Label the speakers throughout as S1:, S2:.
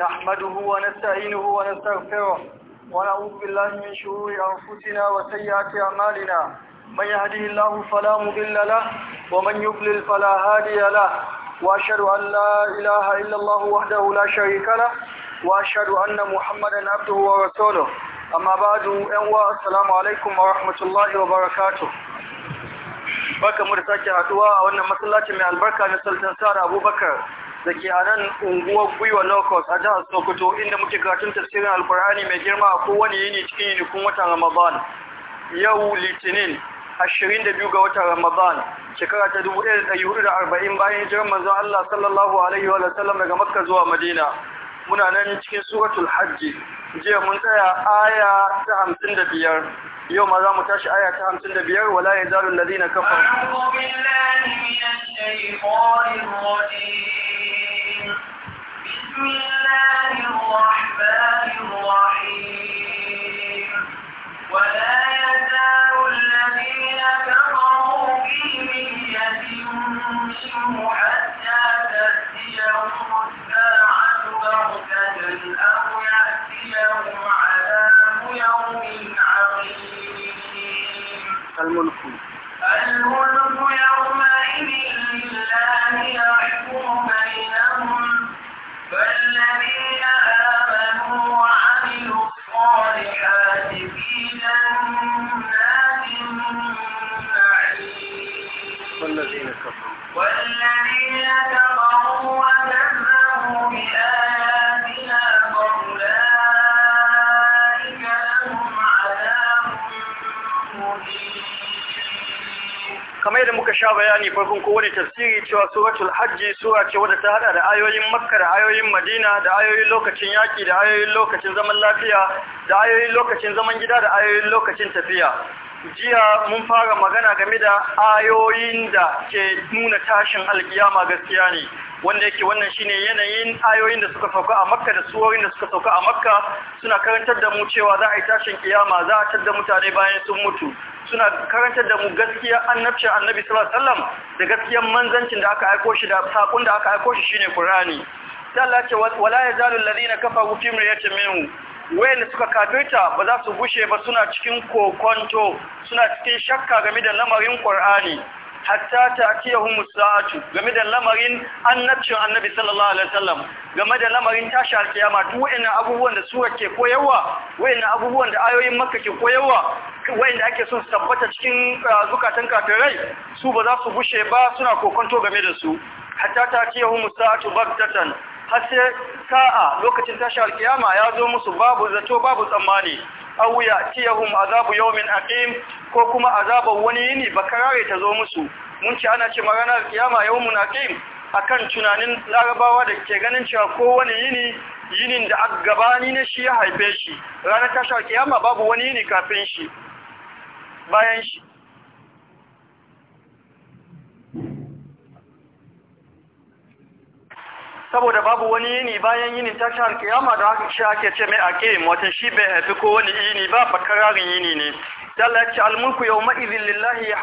S1: نحمده ونستعينه ونستغفره ونعوذ بالله من شرور أنفسنا وسيئات أعمالنا من يهده الله فلا مضل له ومن يضلل فلا هادي له وأشهد أن لا إله إلا الله وحده لا شريك له وأشهد أن محمدا عبده ورسوله amma ba da yanwa assalamu alaikum wa rahmatullahi wa barakatu barka mu da sake haduwa a wannan masallacin mai albarka na sultan sa'ad abubakar da ke a nan unguwar gwiwa locust a jihar sokoto inda muke karatun tafsirin alkur'ani mai girma a kowane yini cikin yinikun watan ramadan yau litinin 22 ga watan ramadan shekara ta 1440 bayan jiran manzon allah sallallahu alaihi wa sallam daga makka zuwa madina muna nan cikin suratul hajj je mun
S2: tsaya aya ta 55
S1: yau ma za mu tashi aya ta 55 wala yazalul ladina da zina kafa
S2: بسم الملك الملك
S1: kamar yadda muka sha bayani farkon kowane tafsiri cewa suratul hajji sura ce wadda ta hada da ayoyin makka da ayoyin madina da ayoyin lokacin yaki da ayoyin lokacin zaman lafiya da ayoyin lokacin zaman gida da ayoyin lokacin tafiya jiya mun fara magana game da ayoyin da ke nuna tashin alkiyama gaskiya ne wanda yake wannan shine yanayin ayoyin da suka sauka a makka da suwoyin da suka sauka a makka suna karantar da mu cewa za a yi tashin kiyama za a da mutane bayan sun mutu suna karantar da mu gaskiya annabci annabi sallallahu alaihi da gaskiyar manzancin da aka aiko shi da sakon da aka aiko shi shine qur'ani sai Allah ce wala yazalu alladhina kafaru fi miryatin wayanda suka kafirta ba za su gushe ba suna cikin kokonto suna cikin shakka game da lamarin qur'ani hatta ta'tiyahum as-sa'atu game da lamarin annabcin annabi sallallahu alaihi wasallam game da lamarin tashi alkiyama duk wayannan abubuwan da surar ke koyarwa wayannan abubuwan da ayoyin makka ke koyarwa wayanda ake son su tabbata cikin ah, zukatan kafirai su ba za su bushe ba suna kokonto game da su hatta ta'tiyahum as-sa'atu baghtatan har sai sa'a lokacin tashi alkiyama ya zo musu babu zato babu tsammani aw ya'tiyahum azabu yawmin aqim ko kuma azaban wani yini bakarare ta zo musu mun ce ana ce magana kiyama yawmun aqim akan tunanin larabawa da ke ganin cewa ko wani yini yinin da aka gabani ne shi ya haife shi ranar tashar kiyama babu wani yini kafin shi bayan shi saboda babu wani yini bayan yinin tashi alkiyama da haka shi ake ce mai ake, watan shi bai haifi ko wani yini ba bakararin yini ne Allah ya ce al-mulku yawma idhin lillahi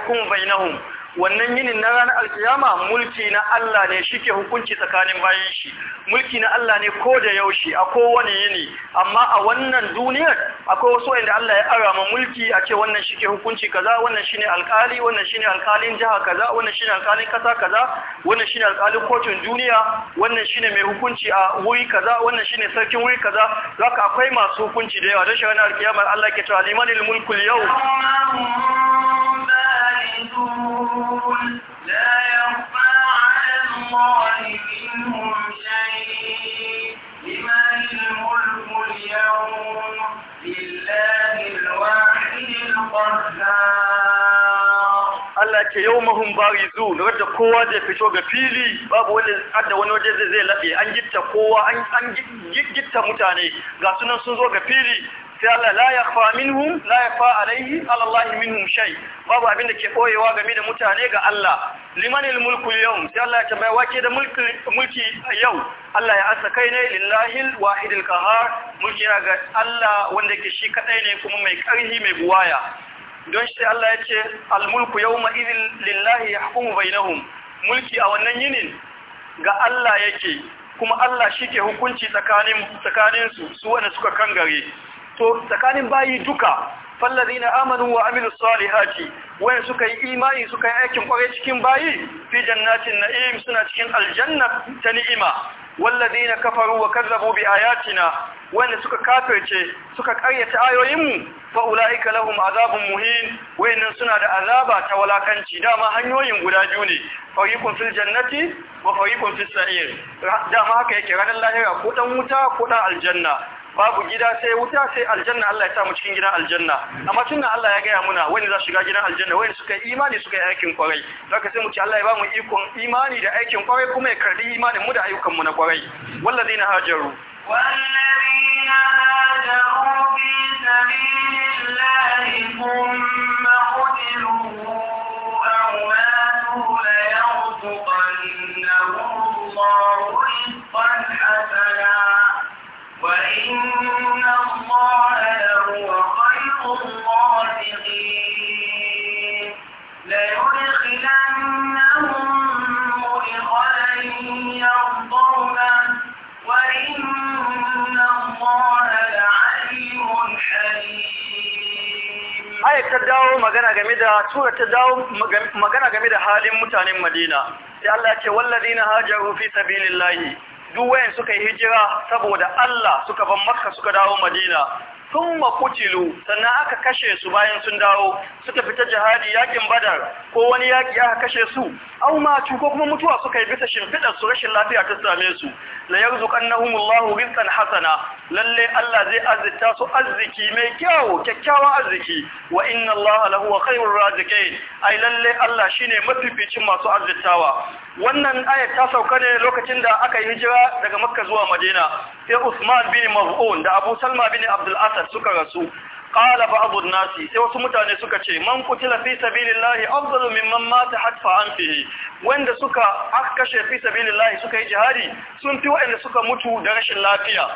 S1: wannan yinin na ranar alkiyama mulki na Allah ne shike hukunci tsakanin bayan shi mulki na Allah ne ko da yaushe a kowane yini amma a wannan duniyar akwai wasu inda Allah ya arama mulki a ce wannan shike hukunci kaza wannan shine alkali wannan shine alkalin jiha kaza wannan shine alkalin kasa kaza wannan shine alkalin kotun duniya wannan shine mai hukunci a wuri kaza wannan shine sarkin wuri kaza zaka akwai masu hukunci da yawa don shi ranar alkiyama Allah ke cewa limanil mulkul yau ce yau mahun bari zu wadda kowa zai fito ga fili babu adda wani waje zai zai laɓe an gitta kowa an gitta mutane ga sunan sun zo ga fili sai Allah la yakhfa minhum la yakhfa Allah minhum shay babu abinda ke boyewa game da mutane ga Allah limanil mulku yau, sai Allah ya tambaya wake da mulki mulki yau Allah ya asa kai ne lillahi alwahid alqahar mulki ga Allah wanda ke shi kadai ne kuma mai karhi mai buwaya don shi Allah ya ce almulku yawma idhil lillahi yahkumu bainahum mulki a wannan yinin ga Allah yake kuma Allah shi ke hukunci tsakaninsu su wanda suka kangare to tsakanin bayi duka fallazina amanu wa amilus salihati wayan suka yi imani suka yi aikin kwarai cikin bayi fi jannatin na'im suna cikin aljanna ta ni'ima walladina kafaru wa kazzabu biayatina wanda suka kafirce suka karyata ayoyinmu fa ulaika lahum azabin muhin wayannan suna da azaba ta walakanci dama hanyoyin guda biyu ne fariqun fil jannati wa fariqun fis dama haka yake ranar lahira ko dan wuta ko dan aljanna babu gida sai wuta sai aljanna Allah ya sa mu cikin gidan aljanna amma tunda Allah ya gaya muna wani za shiga gidan aljanna wani suka yi imani suka yi aikin kwarai haka sai mu ci Allah ya ba mu ikon imani da aikin kwarai kuma ya karbi imanin mu da ayyukan mu na kwarai wallazina hajaru
S2: والذين hajaru في sabilillahi الله ثم ليرزقنهم الله رزقا حسنا وإن الله لهو خير الرازقين ليدخلنهم مدخلا يرضونه وإن الله لعليم حليم هاي
S1: تداو magana game da sura ta dawo magana game da halin mutanen Madina sai Allah ya ce wallazina hajaru fi sabilillahi duwayen suka yi hijira saboda Allah suka ban makka suka dawo madina sun makutilu sannan aka kashe su bayan sun dawo suka fita jihadi yakin badar ko wani yaki aka kashe su au matu ko kuma mutuwa suka yi bisa shimfidar su rashin lafiya ta same su la yarzuqannahumullahu rizqan hasana lalle Allah zai azzita su arziki mai kyau kyakkyawan arziki wa inna Allah lahu wa khairur raziqin ai lalle Allah shine mafificin masu arzitawa wannan ayat ta sauka ne lokacin da aka yi hijira daga Makka zuwa Madina sai Usman bin Maz'un da Abu Salma bin Abdul Asad suka rasu qala ba'd nasi. sai wasu mutane suka ce man qutila fi sabilillahi afdalu mimman mata hatfa anfihi wanda suka aka kashe fi sabilillahi suka yi jihadi sun fi wanda suka mutu da rashin lafiya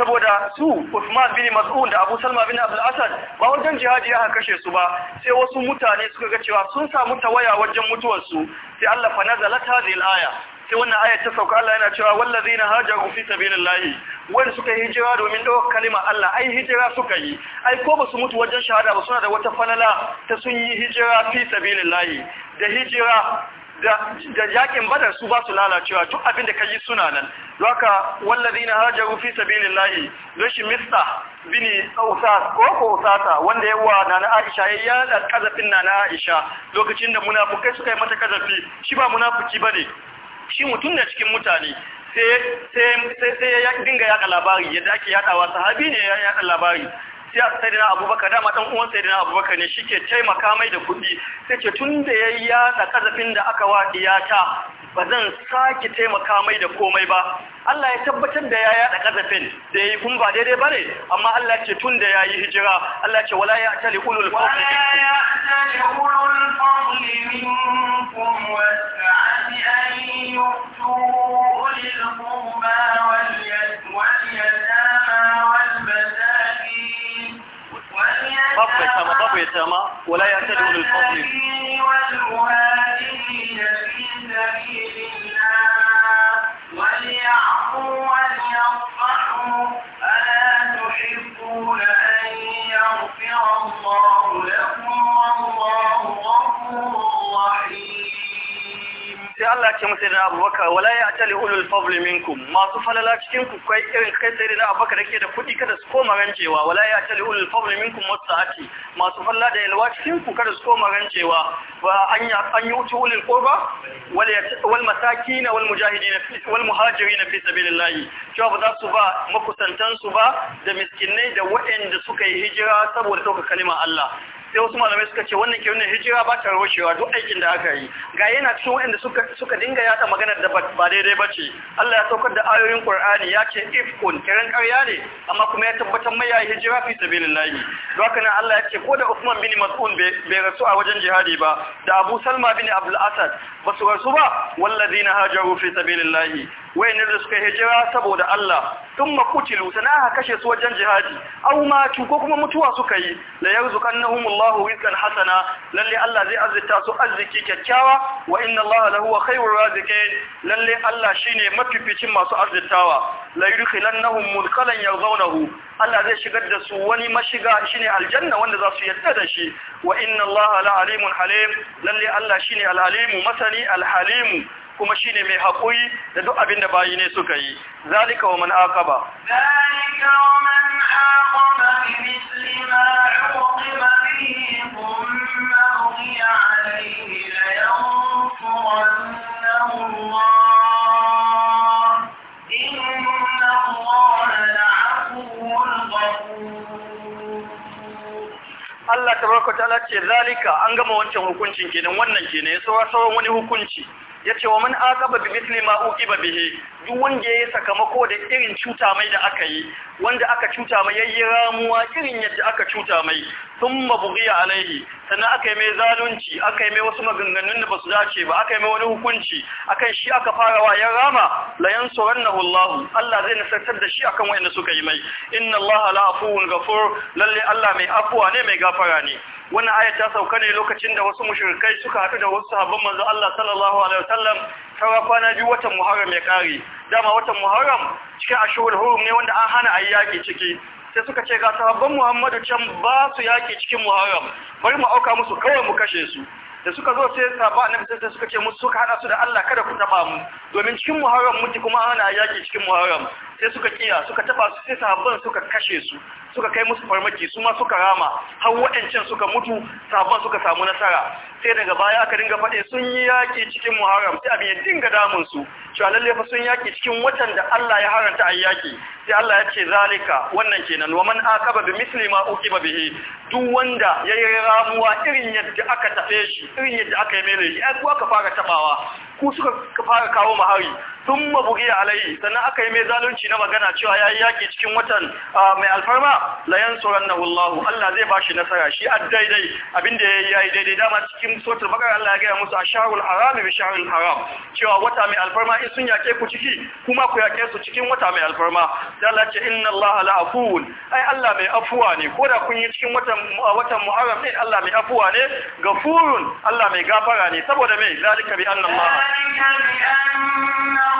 S1: saboda su Uthman bin Mas'ud da Abu Salma bin Abdul Asad ba wajen jihadi ya kashe su ba sai wasu mutane suka ga cewa sun samu tawaya wajen mutuwar su sai Allah fa nazalat hadhihi al-aya sai wannan aya ta sauka Allah yana cewa wallazina hajaru fi sabilillahi wanda suka yi hijira domin dawo kalima Allah ai hijira suka yi ai ko basu mutu wajen shahada ba suna da wata falala ta sun yi hijira fi sabilillahi da hijira da yakin badar su ba su lalacewa duk abin da yi suna nan na wallazina hajaru fi sabilillahi rashin mista bini ausas ko ko usata wanda wa nana Aisha ya yada kazafin nana Aisha lokacin da munafukai suka yi mata kazafi shi ba ba ne. shi mutum da cikin mutane sai sai sai ya dinga yada labari yadda ake yadawa sahabi ne ya yada labari sai dina abubakar dama dan uwan dina abubakar ne shike taimaka mai da kuɗi sai ce tun da yayi ya kazafin da aka wa ta, ba zan sake taimaka mai da komai ba Allah ya tabbatar da ya yada kazafin da yayi kun ba daidai ba ne, amma Allah ce tun da yayi hijira Allah ce wala ya tali ulul fadli
S2: wala ya tali
S1: الخامة ولا يعتدوا الفضل
S2: والمهاجرين في الله وليعفوا وليصفحوا ألا تحبون أن يغفر الله لكم
S1: والله غفور رحيم الله كما سيدنا أبو بكر ولا yaftali ulul fadli minkum masu falala cikin ku kai irin kai sai da abaka dake da kudi kada su koma rancewa wala yaftali ulul fadli minkum wasa'ati masu falala da yalwa cikin ku kada su koma rancewa wa an an yi utu ulul qurba wal wal masakin wal mujahidin wal muhajirin fi sabilillah cewa ba za su ba makusantan su ba da miskinai da waɗanda suka yi hijira saboda ɗaukar kalimar Allah sai wasu malamai suka ce wannan ke wannan hijira ba ta rushewa duk aikin da aka yi ga yana cikin waɗanda suka suka dinga yada maganar da ba daidai ba ce Allah ya saukar da ayoyin Qur'ani ya ce ifkun kiran ƙarya ne amma kuma ya tabbatar mai yayi hijira fi sabilillahi don haka nan Allah ya ce ko da Uthman bin Mas'ud bai rasu a wajen jihadi ba da Abu Salma bin Abdul Asad ba su rasu ba wallazina hajaru fi sabilillahi wayannan da suka hijira saboda Allah tun makutilu sana kashe su wajen jihadi au ma ko kuma mutuwa suka yi la yarzuqannahum Allahu rizqan hasana lalle Allah zai azurta su arziki kyakkyawa wa inna Allah lahu khayrul Allah shine mafificin masu arzitawa la yudkhilannahum mulkalan Allah zai shigar da su wani mashiga shine aljanna wanda za su yadda da shi wa inna Allah la alimun halim lalle Allah shine al-alimu masani al-halimu kuma shine mai hakuri da duk abin da bayi ne suka yi zalika wa man aqaba
S2: zalika wa man aqaba bi misli Allah
S1: ce zalika an gama wancan hukuncin kenan wannan kenan ya sauran wani hukunci ya ce wa man aqaba bi mithli ma uqiba bihi duk wanda ya yi sakamako da irin cuta mai da aka yi wanda aka cuta mai yayi ramuwa irin yadda aka cuta mai sun mabugiya alaihi sannan aka yi mai zalunci aka yi mai wasu maganganun da ba su dace ba aka yi mai wani hukunci akan shi aka fara wa ya rama la na hulahu. Allah zai nasartar da shi akan wanda suka yi mai inna Allah la afuwun ghafur lalle Allah mai afuwa ne mai gafara ne wannan aya ta sauka ne lokacin da wasu mushrikai suka haɗu da wasu sahabban manzo Allah sallallahu alaihi wasallam kawa kwana biyu watan muharram ya kare dama watan muharram cikin ashurul hurum ne wanda an hana ayi yaki ciki sai suka ce ga sahabban muhammadu can ba su yaki cikin muharram bari mu auka musu kawai mu kashe su da suka zo sai sahaba annabi sai suka ce musu suka hada su da Allah kada ku taba mu domin cikin muharram muti kuma ana yaki cikin muharram sai suka kiya suka taba su sai sahabban suka kashe su suka kai musu farmaki su ma suka rama har waɗancan suka mutu sahabban suka samu nasara sai daga baya aka dinga faɗe sun yi yaƙi cikin muharram sai abin ya dinga damun su cewa lalle fa sun yaƙi cikin watan da Allah ya haranta a yaƙi sai Allah ya ce zalika wannan kenan wa man akaba bi misli ma uqiba bihi duk wanda ya yi ramuwa irin yadda aka tafe shi irin yadda aka yi mele shi ai ku aka fara tabawa ku suka fara kawo mahari sun mabugi alayhi sannan aka yi mai zalunci na magana cewa ya yi yaƙi cikin watan mai alfarma layan tsoron na wallahu Allah zai bashi nasara shi a daidai abinda ya yi daidai dama cikin sotar bakar Allah ya gaya musu a shaharul haram bi shaharul haram cewa wata mai alfarma in sun yaƙe ku ciki kuma ku yaƙe su cikin wata mai alfarma da Allah inna Allah la afuwun ai Allah mai afuwa ne ko da kun yi cikin watan watan Muharram ne Allah mai afuwa ne gafurun Allah mai gafara ne saboda mai zalika bi annan Allah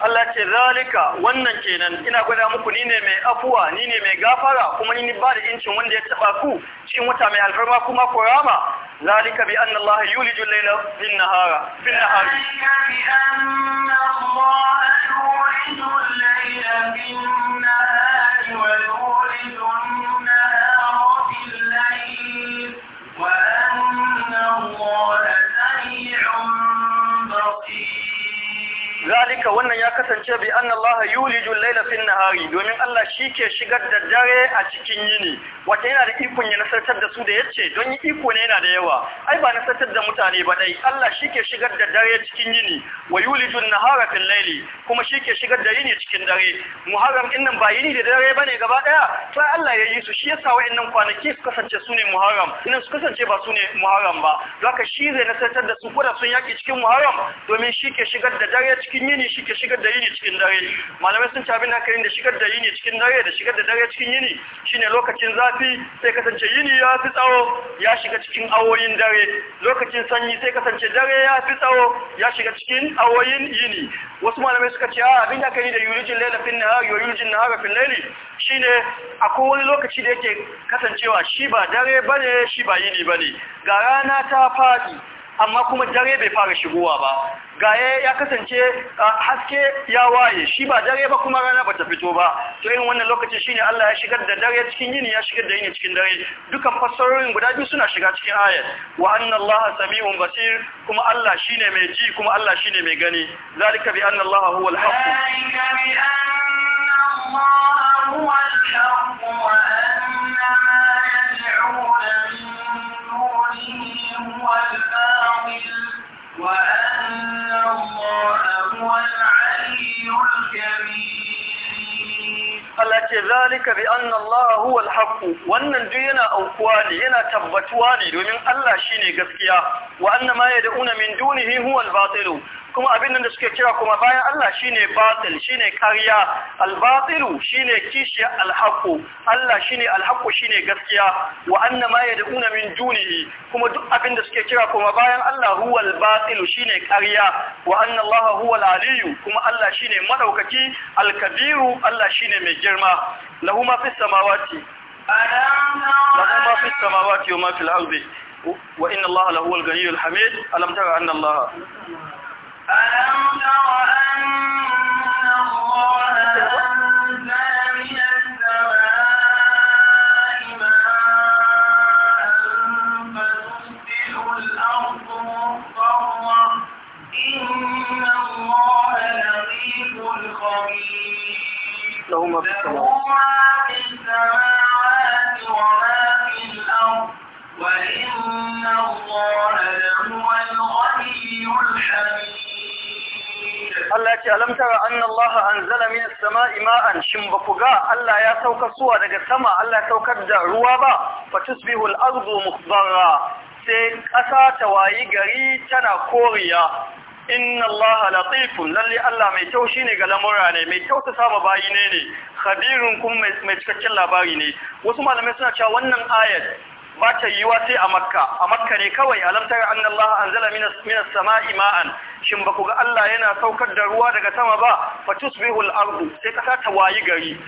S2: Allah ce zalika wannan
S1: kenan ina gwada muku ni ne mai afuwa ni ne mai gafara kuma ni ba da incin wanda ya taba ku cikin wata mai alfarma kuma korama zalika bi anna Allah yuliju al-layla bin nahara bin nahari bi
S2: anna Allah layla bin nahari wa yuliju an-nahara bil layl wa anna Allah sami'un zalika wannan ya kasance bi anna Allah yulijul layla fin nahari domin
S1: Allah shi ke shigar da dare a cikin yini wata yana da ikon ya nasartar da su da yace don yi iko ne yana da yawa ai ba nasartar da mutane ba dai Allah shi ke shigar da dare cikin yini wa yulijul nahara fil layli kuma shi ke shigar da yini cikin dare muharram din nan ba yini da dare bane gaba daya sai Allah ya yi su shi yasa wa'annan kwanaki su kasance su ne muharram idan su kasance ba su ne muharram ba zaka shi zai nasartar da su ko sun yaki cikin muharram domin shi ke shigar da dare cikin yini shi ke shigar da yini cikin dare malamai sun ci abin hankalin da shigar da yini cikin dare da shigar da dare cikin yini shine lokacin zafi sai kasance yini ya fi tsawo ya shiga cikin awoyin dare lokacin sanyi sai kasance dare ya fi tsawo ya shiga cikin awoyin yini wasu malamai suka ce a abin hankali da yulijin laila fin nahari yurijin na nahara fin laili shine akwai wani lokaci da yake kasancewa shi ba dare bane shi ba yini bane ga rana ta faɗi amma kuma dare bai fara shigowa ba gaye ya kasance haske ya waye shi ba dare ba kuma rana bata fito ba to irin wannan lokaci shine Allah ya shigar da dare cikin yini ya shigar da yini cikin dare dukan fassarorin guda biyu suna shiga cikin ayat wa anna Allah sami'un basir kuma Allah shine mai ji kuma Allah shine mai gani zalika bi anna Allah huwal haqq
S2: zalika bi anna Allah huwal haqq wa anna ma yad'una min وأن الله هو العلي الكبير
S1: Allah ce zalika bi anna Allah huwa al-haqq wannan duk yana aukuwa ne yana
S2: tabbatuwa
S1: ne domin Allah shine gaskiya wa anna ma yad'una min dunihi huwa al-batil kuma abin da suke kira kuma bayan Allah shine batil shine kariya. al-batilu shine kishiya al-haqq Allah shine al-haqq shine gaskiya wa anna ma yad'una min dunihi kuma duk abin da suke kira kuma bayan Allah huwa al-batilu shine ƙarya wa anna Allah huwa al-aliyyu kuma Allah shine madaukaki al-kabiru Allah shine mai mai girma lahu ma fis samawati lahu ma fi samawati wa ma fil ardi wa inna Allah lahu al-ghaniyyul hamid alam tara anna Allah alam tara anna Allah ya ce alam tara anna Allah anzala min as-sama'i ma'an shin ba ku ga Allah ya sauka suwa daga sama Allah ya saukar da ruwa ba tusbihu al-ardu mukhdarra sai ƙasa ta wayi gari tana koriya inna allaha latifun lalle Allah mai taushi ne ga lamura ne mai tausa saba bayi ne ne khabirun mai cikakken labari ne wasu malamai suna cewa wannan ayat Bata ta yiwa sai a makka a makka ne kawai alam tara anzala minas minas sama'i ma'an shin ba ku ga Allah yana saukar da ruwa daga sama ba fatusbihul ardu sai kasa ta wayi gari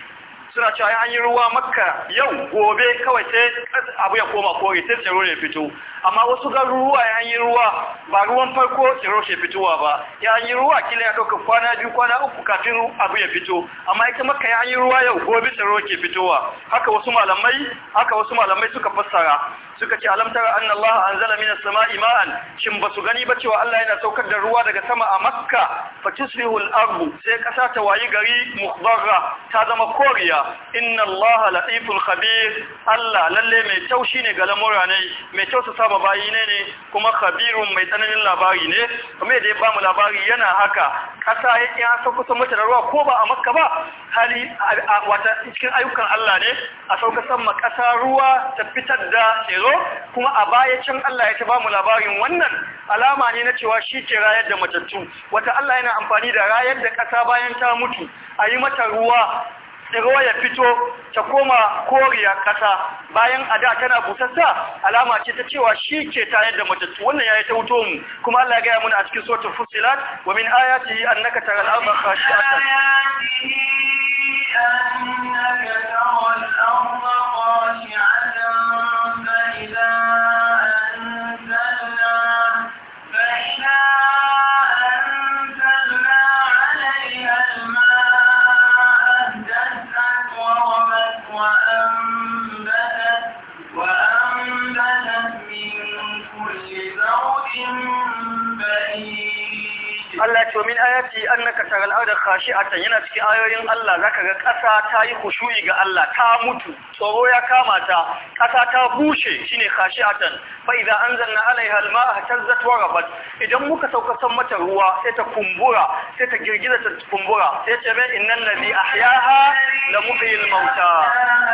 S1: suna cewa an yi ruwa makka yau gobe kawai sai abu ya koma kori sai tsaro ne fito amma wasu garuruwa ya yi ruwa ba ruwan farko tsaro ke fitowa ba ya yi ruwa kila ya ɗauka kwana biyu kwana uku kafin abu ya fito amma ita makka ya yi ruwa yau gobe tsaro ke fitowa haka wasu malamai haka wasu malamai suka fassara suka ce alam tara anna Allah anzala minas sama'i ma'an shin basu gani ba cewa Allah yana saukar da ruwa daga sama a Makka tusrihu al-ardu sai kasa ta wayi gari mukhdarra ta zama koriya inna Allah latiful khabir Allah lalle mai taushi ne ga lamura ne mai tausa saba bayi ne ne kuma khabirun mai tsananin labari ne kuma da ya mu labari yana haka kasa yake an sauka san mata ruwa ko ba a Makka ba hali wata cikin ayyukan Allah ne a sauka san ruwa ta fitar da zo kuma a baya can Allah ya ta ba mu labarin wannan alama ne na cewa shi ke rayar da matattu wata Allah yana amfani da rayar da ƙasa bayan ta mutu a yi mata ruwa tsiro ya fito ta koma koriya ƙasa bayan a da tana busassa alama ce ta cewa shi ke tayar da matattu wannan ya yi ta wuto mu kuma Allah ya gaya mana a cikin suratul fusilat wa min ayatihi annaka taral arda a annaka ayati annaka taral arda khashi'atan yana cikin ayoyin Allah zaka ga ƙasa ta yi khushu'i ga Allah ta mutu tsoro ya kama ta ƙasa ta bushe shine khashi'atan fa idza anzalna alaiha alma'a ihtazzat wa rabat idan muka sauka san mata ruwa sai ta kumbura sai ta girgiza ta kumbura sai ce bai innal ladhi ahyaha la muhyil mauta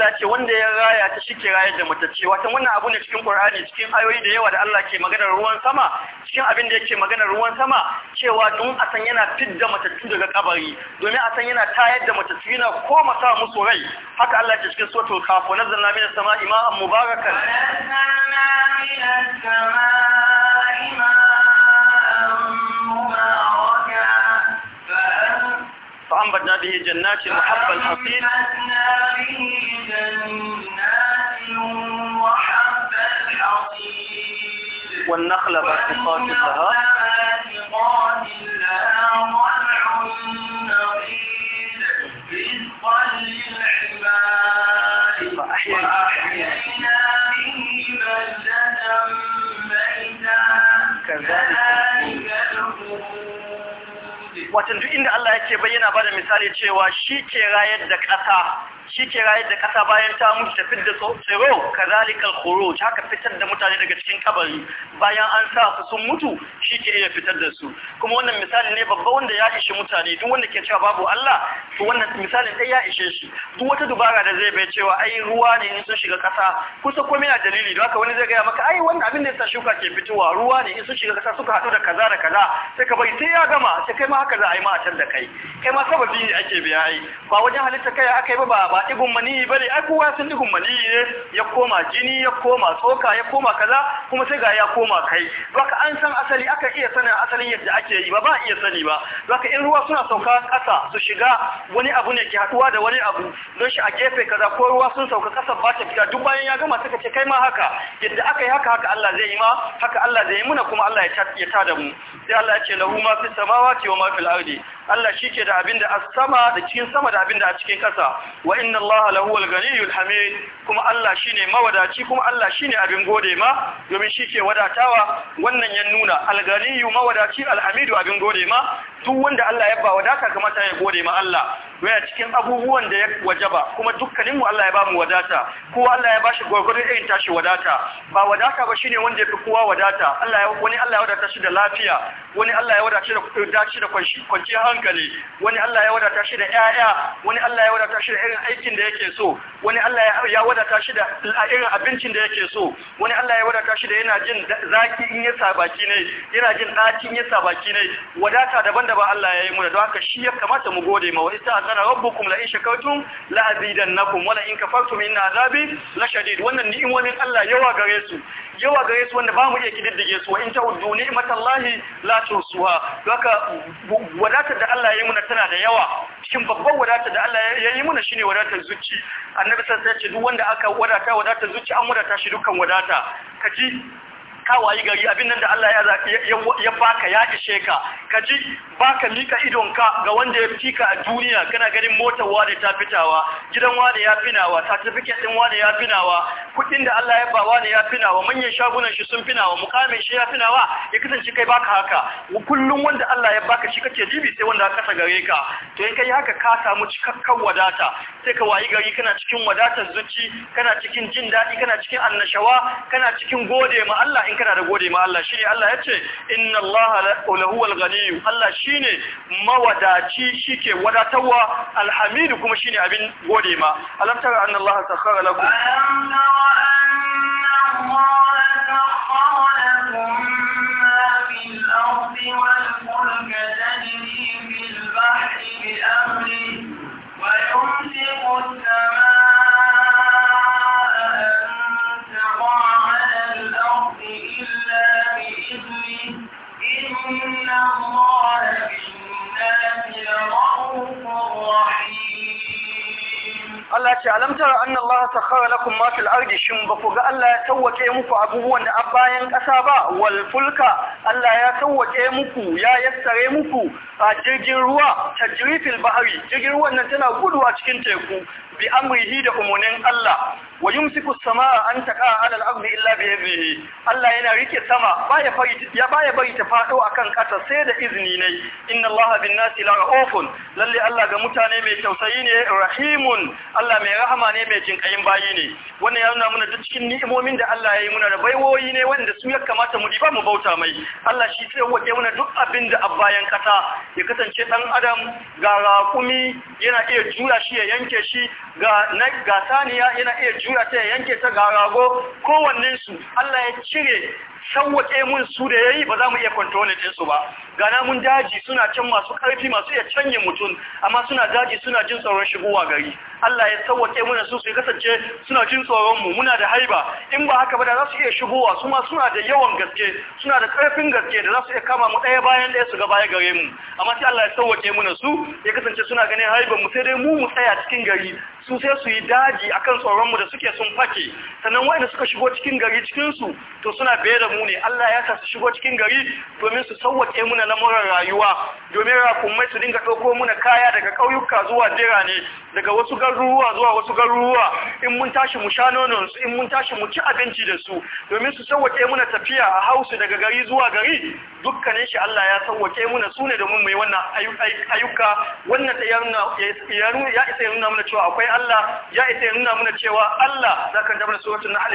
S1: Allah ce wanda ya raya ta shi ke rayar da mutacce wata wannan abu ne cikin Qur'ani cikin ayoyi da yawa da Allah ke maganar ruwan sama cikin abin da yake maganar ruwan sama cewa don a san yana fidda matattu daga kabari domin a san yana tayar da matattu yana koma sa musu rai haka Allah ke cikin suratul kaf wa nazzalna as sama'i ma'an mubarakan فأنبتنا به جنات وحب الحصيد والنخل
S2: باسقات لها فأحيينا به بلدة ميتا كذلك
S1: Watan duk inda Allah yake bayyana ba da misali cewa shi ke rayar da ƙasa shi ke rayar da kasa bayan ta mutu ta fidda tsoro kazalikal khuruj haka fitar da mutane daga cikin kabari bayan an sa su sun mutu shi ke iya fitar da su kuma wannan misali ne babba wanda ya ishe mutane duk wanda ke cewa babu Allah to wannan misalin ɗaya ya ishe shi duk wata dubara da zai bai cewa ai ruwa ne in sun shiga ƙasa kusa ko mina dalili don haka wani zai gaya maka ai wannan abin da yasa shuka ke fitowa ruwa ne in sun shiga ƙasa suka haɗu da kaza da kaza sai ka bai sai ya gama sai kai ma haka za a yi ma a can da kai kai ma sababi ake biya ai ba wajen halitta kai aka ba ba ba igun mani bane ai kowa sun digun mani ne ya koma jini ya koma tsoka ya koma kaza kuma sai ga ya koma kai baka an san asali aka iya sanin asalin yadda ake yi ba ba iya sani ba baka in ruwa suna sauka kasa su shiga wani abu ne ke haduwa da wani abu don shi a gefe kaza ko ruwa sun sauka kasa ba ta fita duk bayan ya gama suka ce kai ma haka yadda aka yi haka haka Allah zai yi ma haka Allah zai yi muna kuma Allah ya tada mu sai Allah ya ce lahu ma fi samawati wa ma fil ardi Allah shi ke da abin da a sama da cikin sama da abin da a cikin ƙasa wa inna Allah lahu al hamid kuma Allah shine mawadaci kuma Allah shine abin gode ma domin shi ke wadatawa wannan ya nuna al mawadaci al-hamidu abin gode ma duk wanda Allah ya ba wadata kamata ya gode ma Allah yana cikin abubuwan da ya wajaba kuma dukkaninmu Allah ya bamu wadata kowa Allah ya ba shi gwagwarin irin tashi wadata ba wadata ba shine wanda ya fi kowa wadata Allah ya wani Allah ya wadata shi da lafiya wani Allah ya wadata shi da dace da kwanci kwanci hankali wani Allah ya wadata shi da ƴaƴa wani Allah ya wadata shi da irin aikin da yake so wani Allah ya wadata shi da irin abincin da yake so wani Allah ya wadata shi da yana jin zaki in ya sabaki ne yana jin ɗaki in ya sabaki ne wadata daban-daban Allah ya yi mu da haka shi ya kamata mu gode ma wani isa azana rabbukum la in shakartum la azidannakum wala in kafartum inna azabi la wannan ni'imomin Allah yawa gare su yawa gare su wanda ba mu iya kididdige su wa in ta'uddu ni'matallahi la tusuha haka wadatar da Allah ya yi muna tana da yawa cikin babban wadatar da Allah ya yi muna shine wadatar zuci annabi sallallahu alaihi wasallam duk wanda aka wadata wadatar zuci an wadata shi dukkan wadata kaji ka wayi gari abin nan da Allah ya ya baka ya ishe ka ka ji baka mika idon ka ga wanda ya fi ka a duniya kana ganin motar wani ta fitawa gidan wani ya finawa certificate din wani ya finawa kudin da Allah ya ba wani ya finawa manyan shagunan shi sun finawa mukamin shi ya finawa ya kasance kai baka haka kullum wanda Allah ya baka shi kake jibi sai wanda kasa gare ka to in kai haka ka samu cikakken wadata sai ka wayi gari kana cikin wadatar zuci kana cikin jin daɗi kana cikin annashawa kana cikin gode ma Allah in kana da gode ma Allah shine Allah yace inna Allah lahuwal ghaniy Allah shine mawadaci shike wadatarwa alhamid kuma shine abin gode ma alam tara anna Allah sakhara lakum alam tara anna Allah
S2: sakhara lakum ma fil ardi wa Allah ce
S1: alam tara anna Allah sakhara lakum ma fil ardi shin ba ku ga Allah ya tawwake muku abubuwan da bayan ƙasa ba wal fulka Allah ya tawwake muku ya yassare muku a jirgin ruwa tajrifil bahri jirgin ruwan nan tana gudu a cikin teku bi amrihi da umunin Allah wa yumsiku samaa an taqa ala al-ardi illa bi biye Allah yana rike sama baya ya baya bari ta fado akan kasa sai da izini ne inna Allah bin nasi la lalle Allah ga mutane mai tausayi ne rahimun Allah mai rahama ne mai jinkayin bayi ne wannan ya nuna muna duk cikin ni'imomin da Allah ya yi muna da baiwoyi ne wanda su ya kamata mu diba mu bauta mai Allah shi sai wake muna duk abin da abbayan kasa ya kasance ɗan adam ga rakumi yana iya jura shi ya yanke shi ga saniya yana iya jura ta ya yanke ta ga rago kowannen Allah ya cire shawwake mun su da yayi ba za mu iya control din su ba gana mun daji suna can masu karfi masu iya canye mutum amma suna daji suna jin tsoron shigowa gari Allah ya sawwake mun su su kasance suna jin tsoron mu muna da haiba in ba haka ba da za su iya shigowa su suna da yawan gaske suna da karfin gaske da za su iya kama mu ɗaya bayan daya su ga baya gare mu amma sai Allah ya sawwake mun su ya kasance suna ganin haiba mu sai dai mu mu tsaya cikin gari su sai su yi daji akan tsoron mu da suke sun fake sannan wanda suka shigo cikin gari cikin su to suna bayar mu ne Allah ya sa su shigo cikin gari domin su sauwake muna lamuran rayuwa domin rakumai su dinga ɗauko muna kaya daga kauyuka zuwa jira ne daga wasu garuruwa zuwa wasu garuruwa in mun tashi mu sha nonon su in mun tashi mu ci abinci da su domin su sauwake muna tafiya a hausu daga gari zuwa gari dukkanin shi Allah ya sauwake muna su ne domin mu yi wannan ayyuka wannan ya isa ya nuna mana cewa akwai Allah ya isa ya nuna mana cewa Allah zakan da mana suratul nahl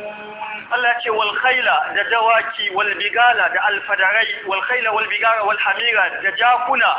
S1: Allah ce wal da dawaki wal bigala da alfadarai wal khayla wal bigara wal hamira da jakuna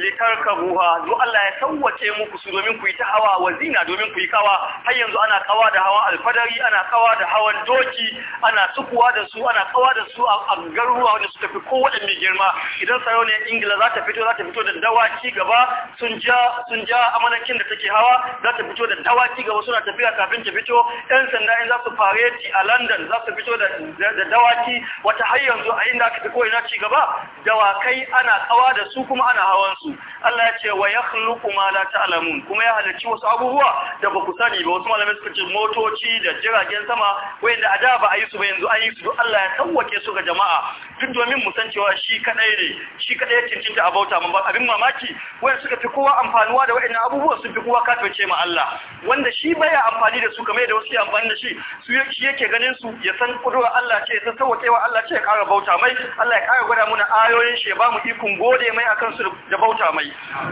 S1: litarkabuha Do Allah ya sauwace muku su domin ku yi ta hawa wa zina domin ku yi kawa har yanzu ana kawa da hawan alfadari ana kawa da hawan doki ana sukuwa da su ana kawa da su a garuruwa wanda su tafi ko waɗanne girma idan sarauniya ingila za ta fito za ta fito da dawaki gaba sun ja sun ja amanakin da take hawa za ta fito da dawaki gaba suna tafiya kafin ta fito yan sanda in za su fareti a london da za su fito da dawaki wata har yanzu a inda aka fi ko ina ci gaba dawakai ana kawa da su kuma ana hawan su Allah ya ce wa yakhluqu ma la ta'lamun kuma ya halarci wasu abubuwa da ba ku sani ba wasu malamai suka ce motoci da jiragen sama wanda a da ba a yi su ba yanzu an yi su Allah ya tawwake su ga jama'a duk domin mu san cewa shi kadai ne shi kadai ya cincinta abauta mun ba abin mamaki wanda suka fi kowa amfanuwa da wa'annan abubuwa sun fi kowa ce ma Allah wanda shi baya amfani da su kamar da wasu ke amfani da shi su yake ganin su ya san kudurar Allah ce ta wa Allah ce ya ƙara bauta mai Allah ya ƙara gwada muna ayoyin shi ya ba mu ikon gode mai akan su da bauta mai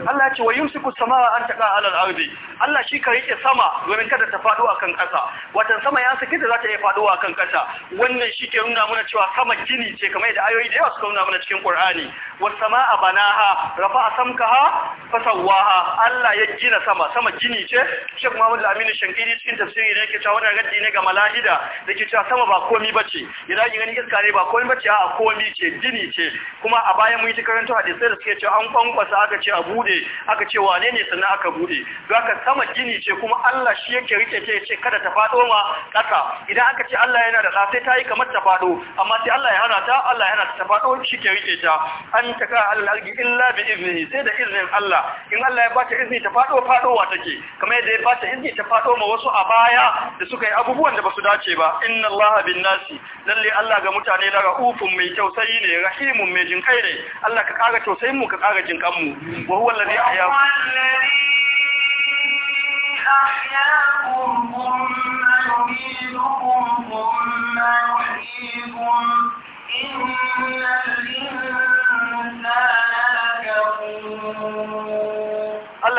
S1: Allah ce wa yumsiku samawa an taqa alal ardi Allah shi ka rike sama domin kada ta faɗo akan ƙasa watan sama ya saki da za ta iya faɗo akan ƙasa wannan shi ke nuna muna cewa sama gini ce kamar da ayoyi da yawa suka nuna muna cikin Qur'ani was samaa banaha rafa'a samkaha fasawaha Allah ya gina sama sama gini ce Sheikh Muhammad Aminu Shankiri cikin tafsiri ne yake cewa wannan raddi ne ga mala'ida da ke cewa iska sama ba komi bace idan yi gani iska ne ba komi bace a komi ce gini ce kuma a bayan mun yi ta karanto hadisai da suke cewa an kwankwasa aka ce a bude aka ce wane ne sannan aka bude ka sama gini ce kuma Allah shi yake rike ce ce kada ta fado ma kasa idan aka ce Allah yana da sai ta yi kamar ta fado amma sai Allah ya hana ta Allah yana ta fado shi ke rike ta an taka Allah ardi illa bi iznihi sai da iznin Allah in Allah ya bata izini ta fado fadowa take kamar yadda ya bata izini ta fado ma wasu a baya da suka yi abubuwan da basu dace ba inna Allah bin nasi lalle Allah ga mutane na raufun mai tausayi ne rahimun mai jinkai ne Allah ka kara tausayin mu ka kara jinkan mu wa huwa
S2: allazi ahyaku أحياكم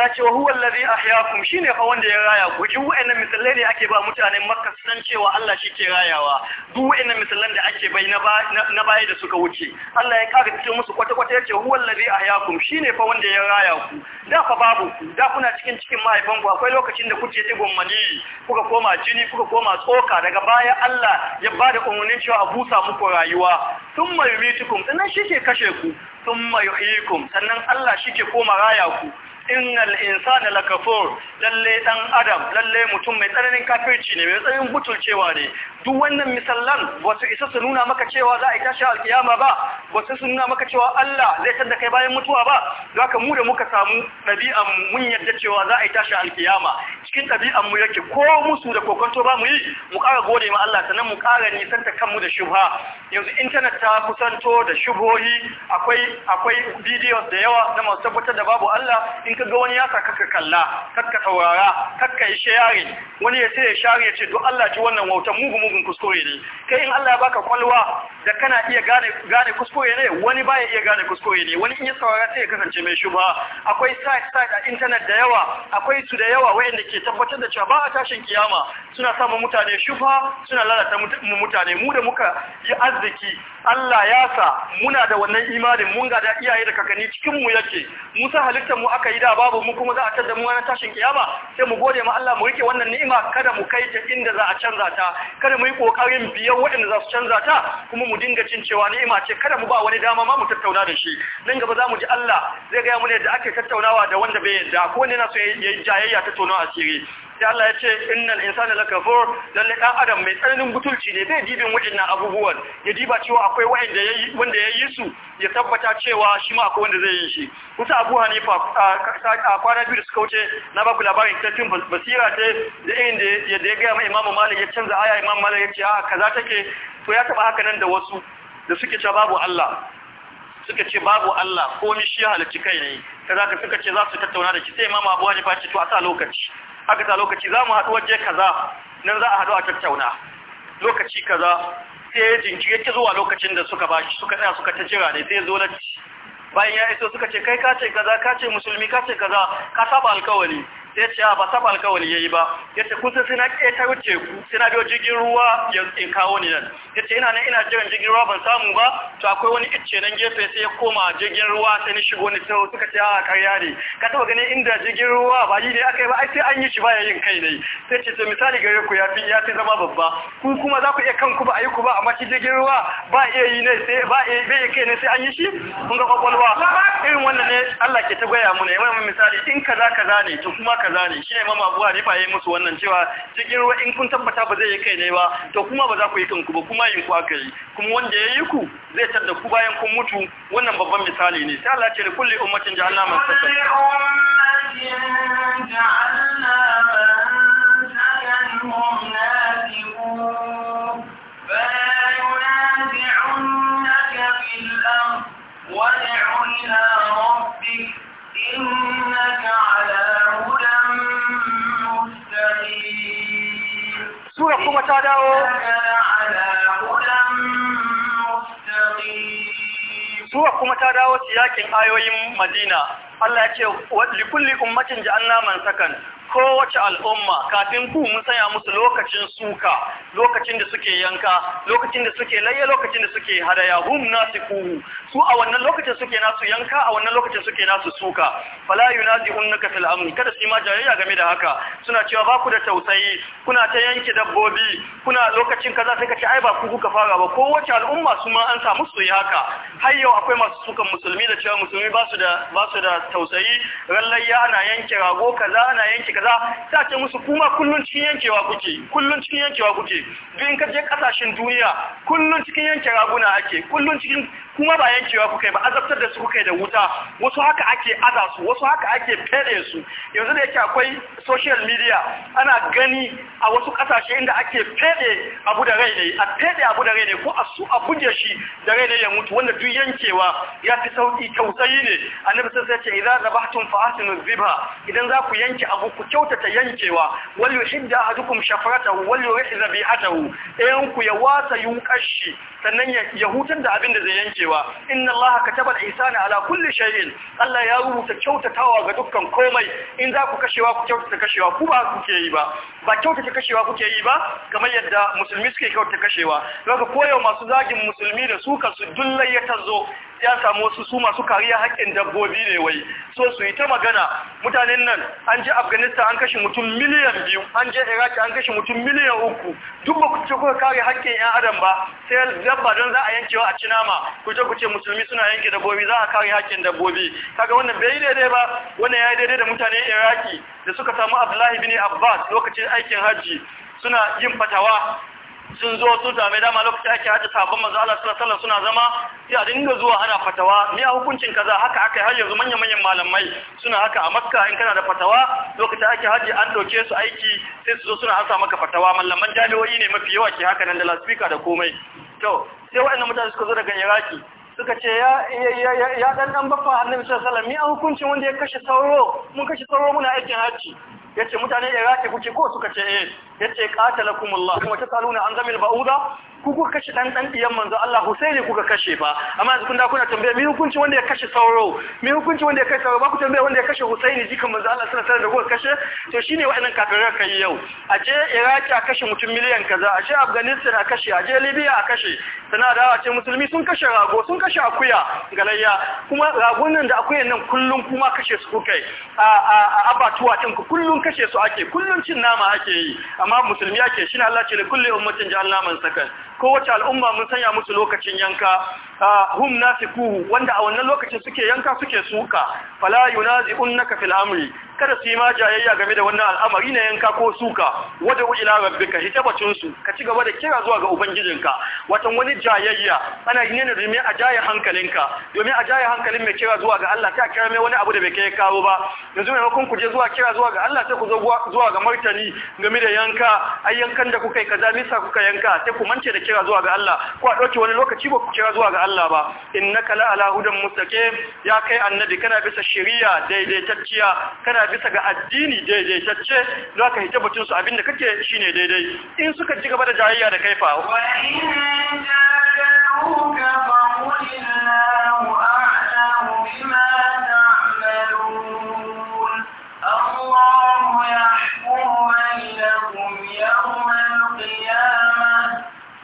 S1: ta ce wa huwa allazi ahyaakum shine fa wanda ya raya ku ji wa'annan misalai ne ake ba mutanen Makka san cewa Allah shi ke rayawa duk wa'annan misalan da ake bai na baya da suka wuce Allah ya kare cikin musu kwata kwata yace huwa allazi ahyaakum shine fa wanda ya raya ku da fa babu ku da kuna cikin cikin mahaifan ku akwai lokacin da kuke digon mani kuka koma jini kuka koma tsoka daga baya Allah ya bada umarnin cewa a busa muku rayuwa thumma yumitukum sannan shi ke kashe ku thumma yuhyikum sannan Allah shi ke koma raya ku innal insana lakafur lalle dan adam lalle mutum mai tsananin kafirci ne mai tsananin butulcewa ne duk wannan misallan wasu isa su nuna maka cewa za a yi tashi alkiyama ba wasu su nuna maka cewa Allah zai tada kai bayan mutuwa ba zaka mu da muka samu ɗabi'an mun yadda cewa za a yi tashi alkiyama cikin ɗabi'an mu yake ko musu da kokonto ba mu yi mu ƙara gode ma Allah sannan mu ƙara nisanta kanmu da shubha yanzu intanet ta kusanto da shubhohi akwai akwai videos da yawa na masu tabbatar da babu Allah in Ka ga wani ya kaka ka kalla kaka saurara kaka yi sharing wani ya ce ya ya ce don Allah ji wannan wautan mugu mugun kuskure ne kai in Allah ya baka kwalwa da kana iya gane kuskure ne wani baya iya gane kuskure ne wani in ya saurara sai ya kasance mai shuba akwai site site a intanet da yawa akwai su da yawa wayanda ke tabbatar da cewa ba a tashin kiyama suna samun mutane shuba suna lalata mutane mu da muka yi arziki Allah ya sa muna da wannan imanin mun ga da iyaye da kakanni cikin mu yake Musa halittar mu aka yi da Allah babu mu kuma za a tada mu wani tashin kiyama sai mu gode ma Allah mu rike wannan ni'ima kada mu kai ta inda za a canza ta kada mu yi kokarin biyan waɗanda za su canza ta kuma mu dinga cin cewa ni'ima ce kada mu ba wani dama ma mu tattauna da shi nan gaba za mu ji Allah zai ga mu ne da ake tattaunawa da wanda bai yarda ko ne na so ya jayayya ta tono asiri sai Allah ya ce innal insana lakafur lalle dan adam mai tsananin butulci ne zai dibin na abubuwan ya diba cewa akwai wanda yayi wanda yayi su ya tabbata cewa shi ma akwai wanda zai yi shi kusa Abu Hanifa a kwana biyu da suka wuce na baku labarin tafin basira ta da inda ya da ya ga mai Imam Malik ya canza aya Imam Malik ya ce a kaza take to ya taba haka nan da wasu da suke cewa babu Allah suka ce babu Allah ko ni shi halicci kai ne kaza ka suka ce za su tattauna da ki sai Imam Abu Hanifa ce to a sa lokaci aka lokaci za mu haɗu waje kaza nan za a haɗu a tattauna lokaci kaza sai ya jinkiri yake zuwa lokacin da suka bashi suka tsaya suka ta jira ne sai ya zo lati bayan ya iso suka ce kai ka ce kaza ka ce musulmi ka ce kaza ka saba alkawari sai ce ba saba alkawali yayi ba yace kusa sai na keta wuce ku sai na biyo jigin ruwa ya in kawo ni nan yace ina nan ina jiran jirgin ruwa ban samu ba to akwai wani icce nan gefe sai ya koma jigin ruwa sai ni shigo ni tawo suka ce a karya ne ka taba ganin inda jigin ruwa ba yi ne akai ba ai sai an yi shi ba yin kai ne sai ce to misali gare ku ya fi ya fi zama babba ku kuma za ku iya kanku ba ayi ku ba amma shi jigin ruwa ba iya yi ne sai ba iya bai kai ne sai an yi shi kun ga kwakwalwa irin wannan ne Allah ke ta goya mu ne wani misali in kaza kaza ne to kuma kaza ne shi ne ma abu ne ba yi musu wannan cewa cikin ruwa in kun tabbata ba zai yi kai ne ba to kuma ba za ku yi kanku ba kuma yin ku aka yi kuma wanda ya yi ku zai tadda ku bayan kun mutu wannan babban misali ne sai Allah ya ce kulli ummatin jahannama sabbi kuma ta dawo suwa kuma ta dawo siyakin ayoyin madina Allah ya ce likulli ummatin ja'alna man sakan kowace al'umma kafin ku mun sanya musu lokacin suka lokacin da suke yanka lokacin da suke layya lokacin da suke hadaya hum na su a wannan lokacin suke nasu yanka a wannan lokacin suke nasu suka fala yunazihunka fil amri kada su ma jayayya game da haka suna cewa ba ku da tausayi kuna ta yanke dabbobi kuna lokacin kaza sai ka ci ai ba ku kuka fara ba kowace al'umma su ma an samu su yi haka har yau akwai masu sukan musulmi da cewa musulmi ba su da ba su da tausayi rallayya ana yanke rago kaza ana yanke kaza sai musu kuma kullun cikin yankewa kuke kullun cikin yankewa kuke bin kaje kasashen duniya kullun cikin yankewa guna ake kullun cikin kuma ba yankewa kuka yi ba azabtar da su kuka yi da wuta wasu haka ake aza su wasu haka ake fere su yanzu da yake akwai social media ana gani a wasu kasashe inda ake fere abu da rai ne a fere abu da rai ne ko a su a buge shi da rai ne ya mutu wanda duk yankewa ya fi sauki tausayi ne a nufi ya ce idan da bahatun fa'asin Ziba? idan za ku yanke abu ku kyautata yankewa wal yuhidda ahadukum shafaratahu wal a zabihatahu ɗayan ku ya wasa yunkashi sannan ya hutar da abin da zai yanke cewa inna allaha katabal ihsana ala kulli shay'in Allah ya rubuta kyautatawa ga dukkan komai in za ku kashewa ku kyautata kashewa ku ba kuke yi ba ba kyautata kashewa kuke yi ba kamar yadda musulmi suke kyautata kashewa daga koyau masu zagin musulmi da su kansu dullai ya tazo ya samu wasu su masu kariya haƙƙin dabbobi ne wai so su yi ta magana mutanen nan an je afghanistan an kashe mutum miliyan biyu an je iraki an kashe mutum miliyan uku duk ba ku ce kuka kare haƙƙin yan adam ba sai dabba don za a yankewa a cinama ku ce ku ce musulmi suna yanke dabbobi za a kare haƙƙin dabbobi kaga wannan bai daidai ba wannan ya yi daidai da mutanen iraki da suka samu abdullahi bin abbas lokacin aikin hajji suna yin fatawa sun zo sun sami dama lokaci ake haji sabon manzo Allah sallallahu suna zama ya a dinga zuwa ana fatawa a hukuncin kaza haka aka har yanzu manyan manyan malamai suna haka a Makka in kana da fatawa lokacin ake haji an dauke su aiki sai su zo suna an maka fatawa mallaman jami'o'i ne mafi yawa ke haka nan da laspika da komai to sai waɗannan mutane suka zo daga Iraki suka ce ya dan dan baffa annabi sallallahu alaihi wasallam a hukuncin wanda ya kashe sauro mun kashe sauro muna aikin haji yace mutane Iraki kuke ko suka ce eh yace qatalakumullah kuma ta kaluna an zamil ba'uda ku kuka kashe dan dan diyan manzo Allah Husaini kuka kashe fa amma yanzu kun kuna tambaya me hukunci wanda ya kashe sauro me hukunci wanda ya kashe sauro ba ku tambaya wanda ya kashe Husaini jikan manzo Allah sallallahu alaihi wasallam da kuka kashe to shine wa'annan kafirai kai yau a je Iraq a kashe mutum miliyan kaza a je Afghanistan a kashe a je Libya a kashe sana da a ce musulmi sun kashe rago sun kashe akuya galayya kuma ragon nan da akuyan nan kullun kuma kashe su kukai a abatuwa tinku kullun kashe su ake kullun cin nama ake yi amma amma musulmi yake shi ne Allah ce da kulle ummatin ja'alna naman sakan kowace al'umma mun sanya musu lokacin yanka hum nasikuhu wanda a wannan lokacin suke yanka suke suka fala yunazi'unka fil amri kada su yi ma jayayya game da wannan al'amari na yanka ko suka wada ila rabbika hitabatun su ka ci gaba da kira zuwa ga ubangijinka watan wani jayayya ana yin ne domin a jaye hankalinka domin a jaye hankalin mai kira zuwa ga Allah ta kira mai wani abu da bai kai kawo ba yanzu maimakon ku je zuwa kira zuwa ga Allah sai ku zo zuwa ga martani game da yanka ayyankan da kuka yi kaza misa kuka yanka sai ku mance da kira zuwa ga Allah ko a dauke wani lokaci ba ku kira zuwa ga Allah ba innaka la ala hudan mustaqim ya kai annabi kana bisa shari'a daidaitacciya kana bisa ga addini daidaitacce don ka hita batun su abinda kake shine daidai in suka ci gaba da jayayya da kai fa wa in jadaluka fa
S2: qulillahu a'lamu al-qiyamah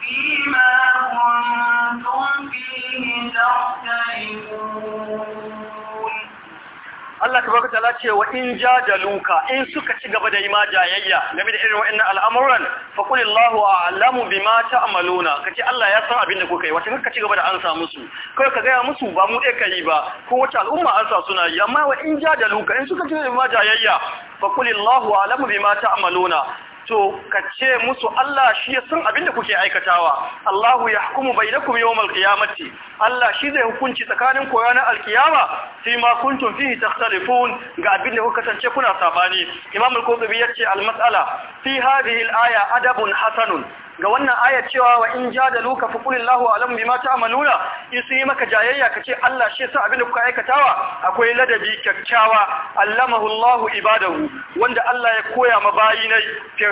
S2: فيما كنتم فيه تختلفون
S1: Allah ta barka ta ce wa in luka in suka ci gaba da yi ma jayayya game da irin wa'annan al'amuran fa qul Allahu a'lamu bima ta'maluna kace Allah ya san abin da kuka yi wace kuka ci gaba da ansa musu kai ka gaya musu ba mu dai kai ba ko wace al'umma ansa suna yi amma wa in luka in suka ci gaba da yi ma jayayya fa qul Allahu a'lamu bima ta'maluna to ka ce musu Allah shi ya san abin da kuke aikatawa Allahu yahkumu bainakum yawmal qiyamati Allah shi zai hukunci tsakanin ku ranar alkiyama fi ma kuntum fihi takhtalifun ga abin da kuka kasance kuna sabani Imam al-Qurtubi yace al-mas'ala fi hadhihi al-aya adabun hasanun ga wannan ayar cewa wa in jadalu ka fa qulillahu alam bima ta'maluna in sai maka jayayya kace Allah shi yasa abin da kuka aikatawa akwai ladabi kyakkyawa allamahu Allahu ibadahu wanda Allah ya koya ma bayi nai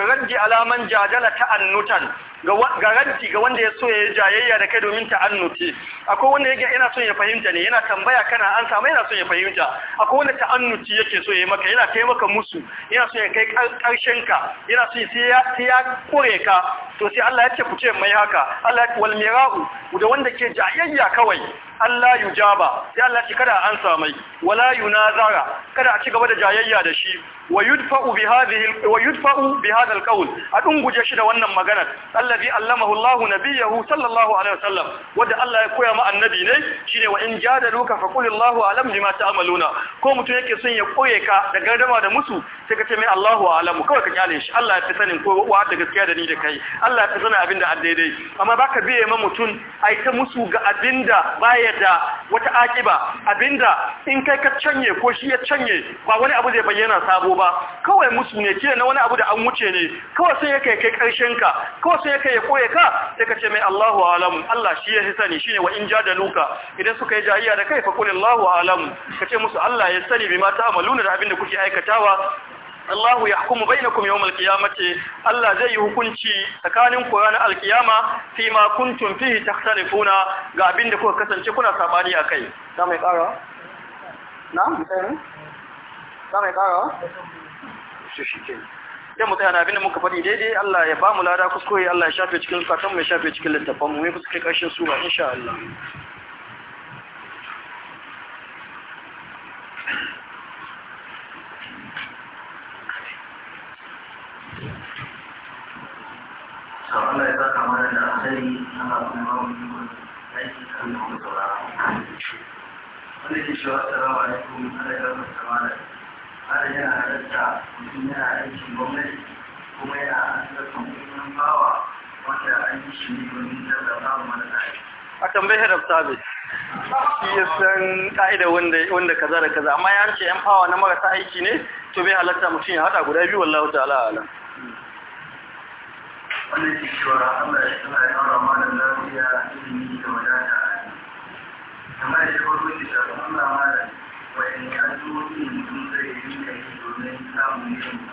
S1: raddi alaman jadala ta'annutan ga raddi ga wanda ya so ya yi jayayya da kai domin ta'annuti akwai wanda yake yana son ya fahimta ne yana tambaya kana an samu yana son ya fahimta akwai wanda ta'annuti yake so ya maka yana kai maka musu yana so ya kai karshen ka yana so ya ya kore ka to ce Allah ya ce ku ce mai haka Allah wal mirahu da wanda ke jayayya kawai Allah yujaba sai Allah ce kada an samai wala yunazara kada a ci gaba da jayayya da shi wayudfa'u bi hadhihi wa yudfa'u bi hadha alqawl a dunguje shi da wannan magana allazi allamahu Allah nabiyahu sallallahu alaihi wasallam wanda Allah ya koya ma annabi ne shine wa in jadaluka fa qul Allahu alam bima ta'maluna ko mutum yake son ya koye ka da gardama da musu sai ka ce mai Allahu Alam kawai ka kyale shi Allah ya fi sanin ko wa da gaskiya da ni da kai Allah za ka abin da an daidai amma ba ka biye ma mutum a ta musu ga abin da baya da wata akiba abin da in kai ka canye ko shi ya canye ba wani abu zai bayyana sabo ba kawai musu ne ke na wani abu da an wuce ne kawai sai ya kai karshen ka kawai sai ya ya koye ka sai ka ce mai Allahu alamu Allah shi ya sani ne wa in ja da nuka idan suka yi jahiya da kai fa qul Allahu alamu ka ce musu Allah ya sani bi ma ta'maluna da abin da kuke aikatawa Allahu yahkumu bainakum yawmal qiyamati Allah zai yi hukunci tsakanin ku ranar alkiyama fi ma kuntum fihi takhtalifuna ga abin da kuka kasance kuna sabani akai da mai kara na mutane da mai kara shi shi ke dan mutane na abinda muka faɗi daidai Allah ya bamu lada kuskure Allah ya shafe cikin zakatun mai shafe cikin littafan mu mai kuskure ƙarshen sura insha Allah
S3: Allah ya saka da ba ke ne yana gwamnati kuma yana wanda shi ne aiki.
S1: a tambayar of sabis shi ya san ka'ida wanda kaza da kaza amma ya ce yan fawa na marasa aiki ne to bai halatta mutum ya hada guda biyu wallahu ta alam
S3: wannan ke cewa Allah ya tsara ya lafiya ilimi da wadata a ya shafa ko kita zai yi domin samun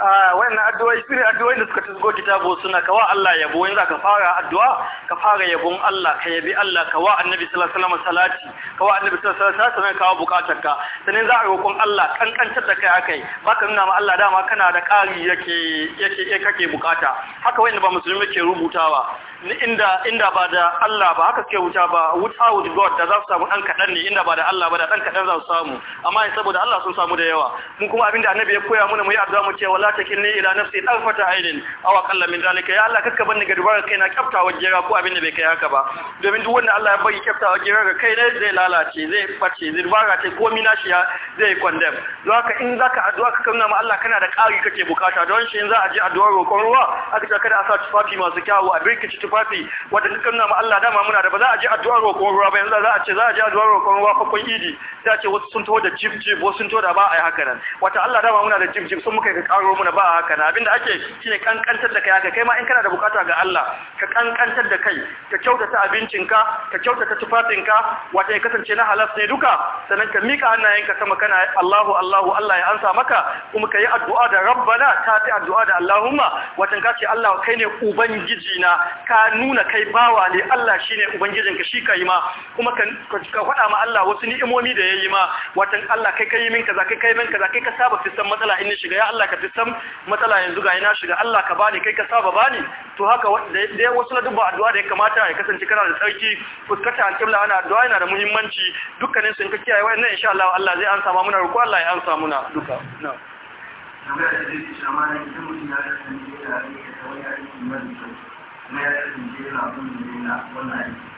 S1: wannan addu'o'i su ne da suka tsugo kitabo suna kawa Allah yabo yanzu ka fara addu'a ka fara yabon Allah ka yabi Allah kawa annabi sallallahu alaihi wasallam salati kawa annabi sallallahu alaihi wasallam sanan kawo bukatarka sanan za a roƙon Allah kankantar da kai akai baka nuna ma Allah dama kana da ƙari yake yake kake bukata haka wanda ba musulmi ke rubutawa inda inda ba da Allah ba haka ke wuta ba wuta with God da za su samu dan kadan ne inda ba da Allah ba da dan kadan za su samu amma saboda Allah sun samu da yawa mun kuma abinda annabi ya koya mana mu yi addu'a mu ce wala kinni ila nafsi tarfata ainin aw aqalla min zalika ya Allah kakka banni ga dubar kaina kafta jira ko abin da bai kai haka ba domin duk wanda Allah ya bari kafta jira ga kai ne zai lalace zai face zai dubara ta komi nashi ya zai condemn don haka in zaka addu'a ka kauna ma Allah kana da ƙari kake bukata don shi in za a ji addu'a roƙon ruwa aka ce kada a sa tufafi masu kyawu a ci tufafi wanda duk kauna ma Allah dama muna da ba za a je addu'a roƙon ruwa ba yanzu za a ce za a je addu'a roƙon ruwa fa kun idi sai a ce wasu sun taho da jib wasu sun taho da ba a yi haka nan wata Allah dama muna da jib sun muka ka karo muna ba haka na abinda ake shine kankantar da kai haka kai ma in kana da bukata ga Allah ka kankantar da kai ka kyautata abincinka ka kyautata tufafinka wato ya kasance na halas ne duka sannan ka mika hannayenka sama kana Allahu Allahu Allah ya ansa maka kuma kai addu'a da rabbana ta ta addu'a da Allahumma wato ka ce Allah kai ne ubangiji na ka nuna kai bawa ne Allah shine ubangijinka shi kai ma kuma ka faɗa ma Allah wasu ni'imomi da yayi ma wato Allah kai kai min kaza kai kai min kaza kai ka saba fitan matsala in shiga ya Allah ka fitan san matsala yanzu ga na shiga Allah ka bani kai ka saba bani to haka da wasu ba addu'a da ya kamata ya kasance kana da tsarki fuskata alƙibla ana addu'a yana da muhimmanci dukkanin sun ka kiyaye wannan insha Allah Allah zai ansa ma muna roƙo Allah ya ansa muna duka na'am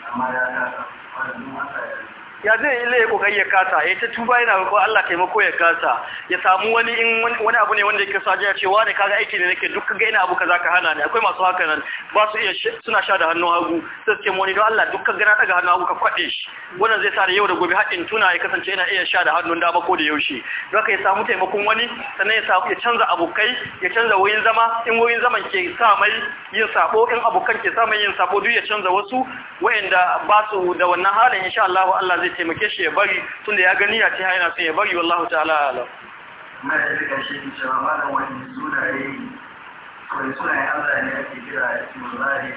S3: amma ya ta fara
S1: ya zai yi laye kokari ya kasa ya ta tuba yana roƙon Allah taimako ya kasa ya samu wani in wani abu ne wanda yake sa ya ce ne kaga aiki ne nake duk ga ina abu kaza ka hana ne akwai masu haka nan ba su iya suna sha da hannun hagu sai ce wani don Allah duk gana na daga hannun hagu ka kwade shi wannan zai sa da yau da gobe haɗin tuna ya kasance yana iya sha da hannun dama ko da yaushe don ka ya samu taimakon wani sannan ya samu ya canza abokai ya canza wurin zama in wurin zaman ke sa mai yin sabo in abokan ke sa mai yin sabo duk ya canza wasu wa'anda ba su da wannan halin insha Allah Allah zai taimake shi ya bari tunda ya gani ya ce ha yana son ya bari wallahu ta'ala ala
S3: na da rika shi ne cewa malam wani suna ya sunaye Allah ne ake kira ya ce mazari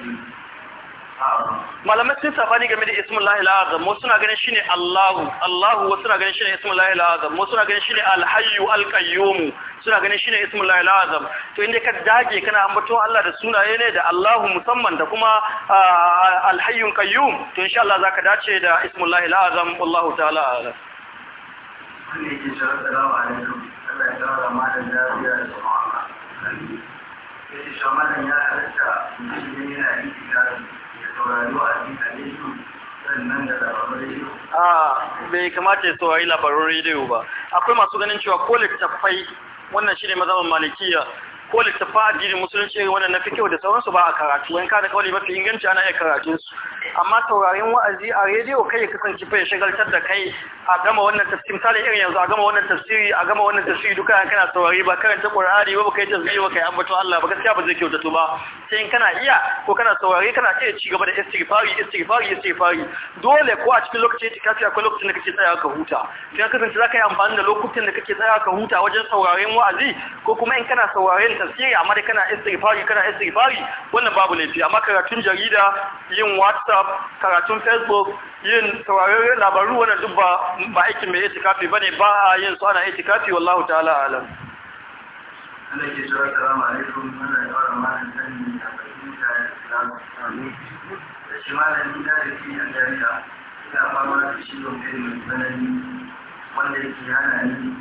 S1: malamai sun safani game da ismin lahi la'azam wasu na ganin ne Allahu Allahu wasu na ganin ne ismin lahi la'azam wasu na ganin ne alhayu alkayyomu suna ganin ne ismin lahi la'azam to inda ka dage kana ambato Allah da sunaye ne da Allahu musamman da kuma alhayu qayyum to insha Allah ka dace da ismin lahi la'azam wallahu ta'ala a'lam
S3: Allah ya kara malam lafiya da tsoron Allah. Yake shamanin ya halitta mutum yana yi tare a
S1: bai kamata ya saurari labarun rediyo ba akwai masu ganin cewa ko littattafai wannan shi ne mazaban malikiya ko littafi addinin musulunci wanda na fi kyau da sauransu ba a karatu wani kada kawai mafi inganci ana iya karatun su amma taurarin wa'azi a rediyo kai ya kasance fa ya shagaltar da kai a gama wannan tafsiri misali irin yanzu a gama wannan tafsiri a gama wannan tafsiri duka an kana saurari ba karanta qur'ani ba kai tafsiri ba kai ambato Allah ba gaskiya ba zai to ba sai in kana iya ko kana saurari kana iya ci gaba da istighfari istighfari istighfari dole ko a cikin lokacin itikafi akwai lokacin da kake tsaya ka huta sai kasance zaka yi amfani da lokutan da kake tsaya ka huta wajen taurarin wa'azi ko kuma in kana taurarin tafsiri amma dai kana istighfari kana istighfari wannan babu laifi amma karatun jarida yin whatsapp karatun facebook yin sauraron labaru wannan duk ba ba aikin mai itikafi bane ba a yin su ana itikafi wallahu
S3: ta'ala alam wanda ke hana ni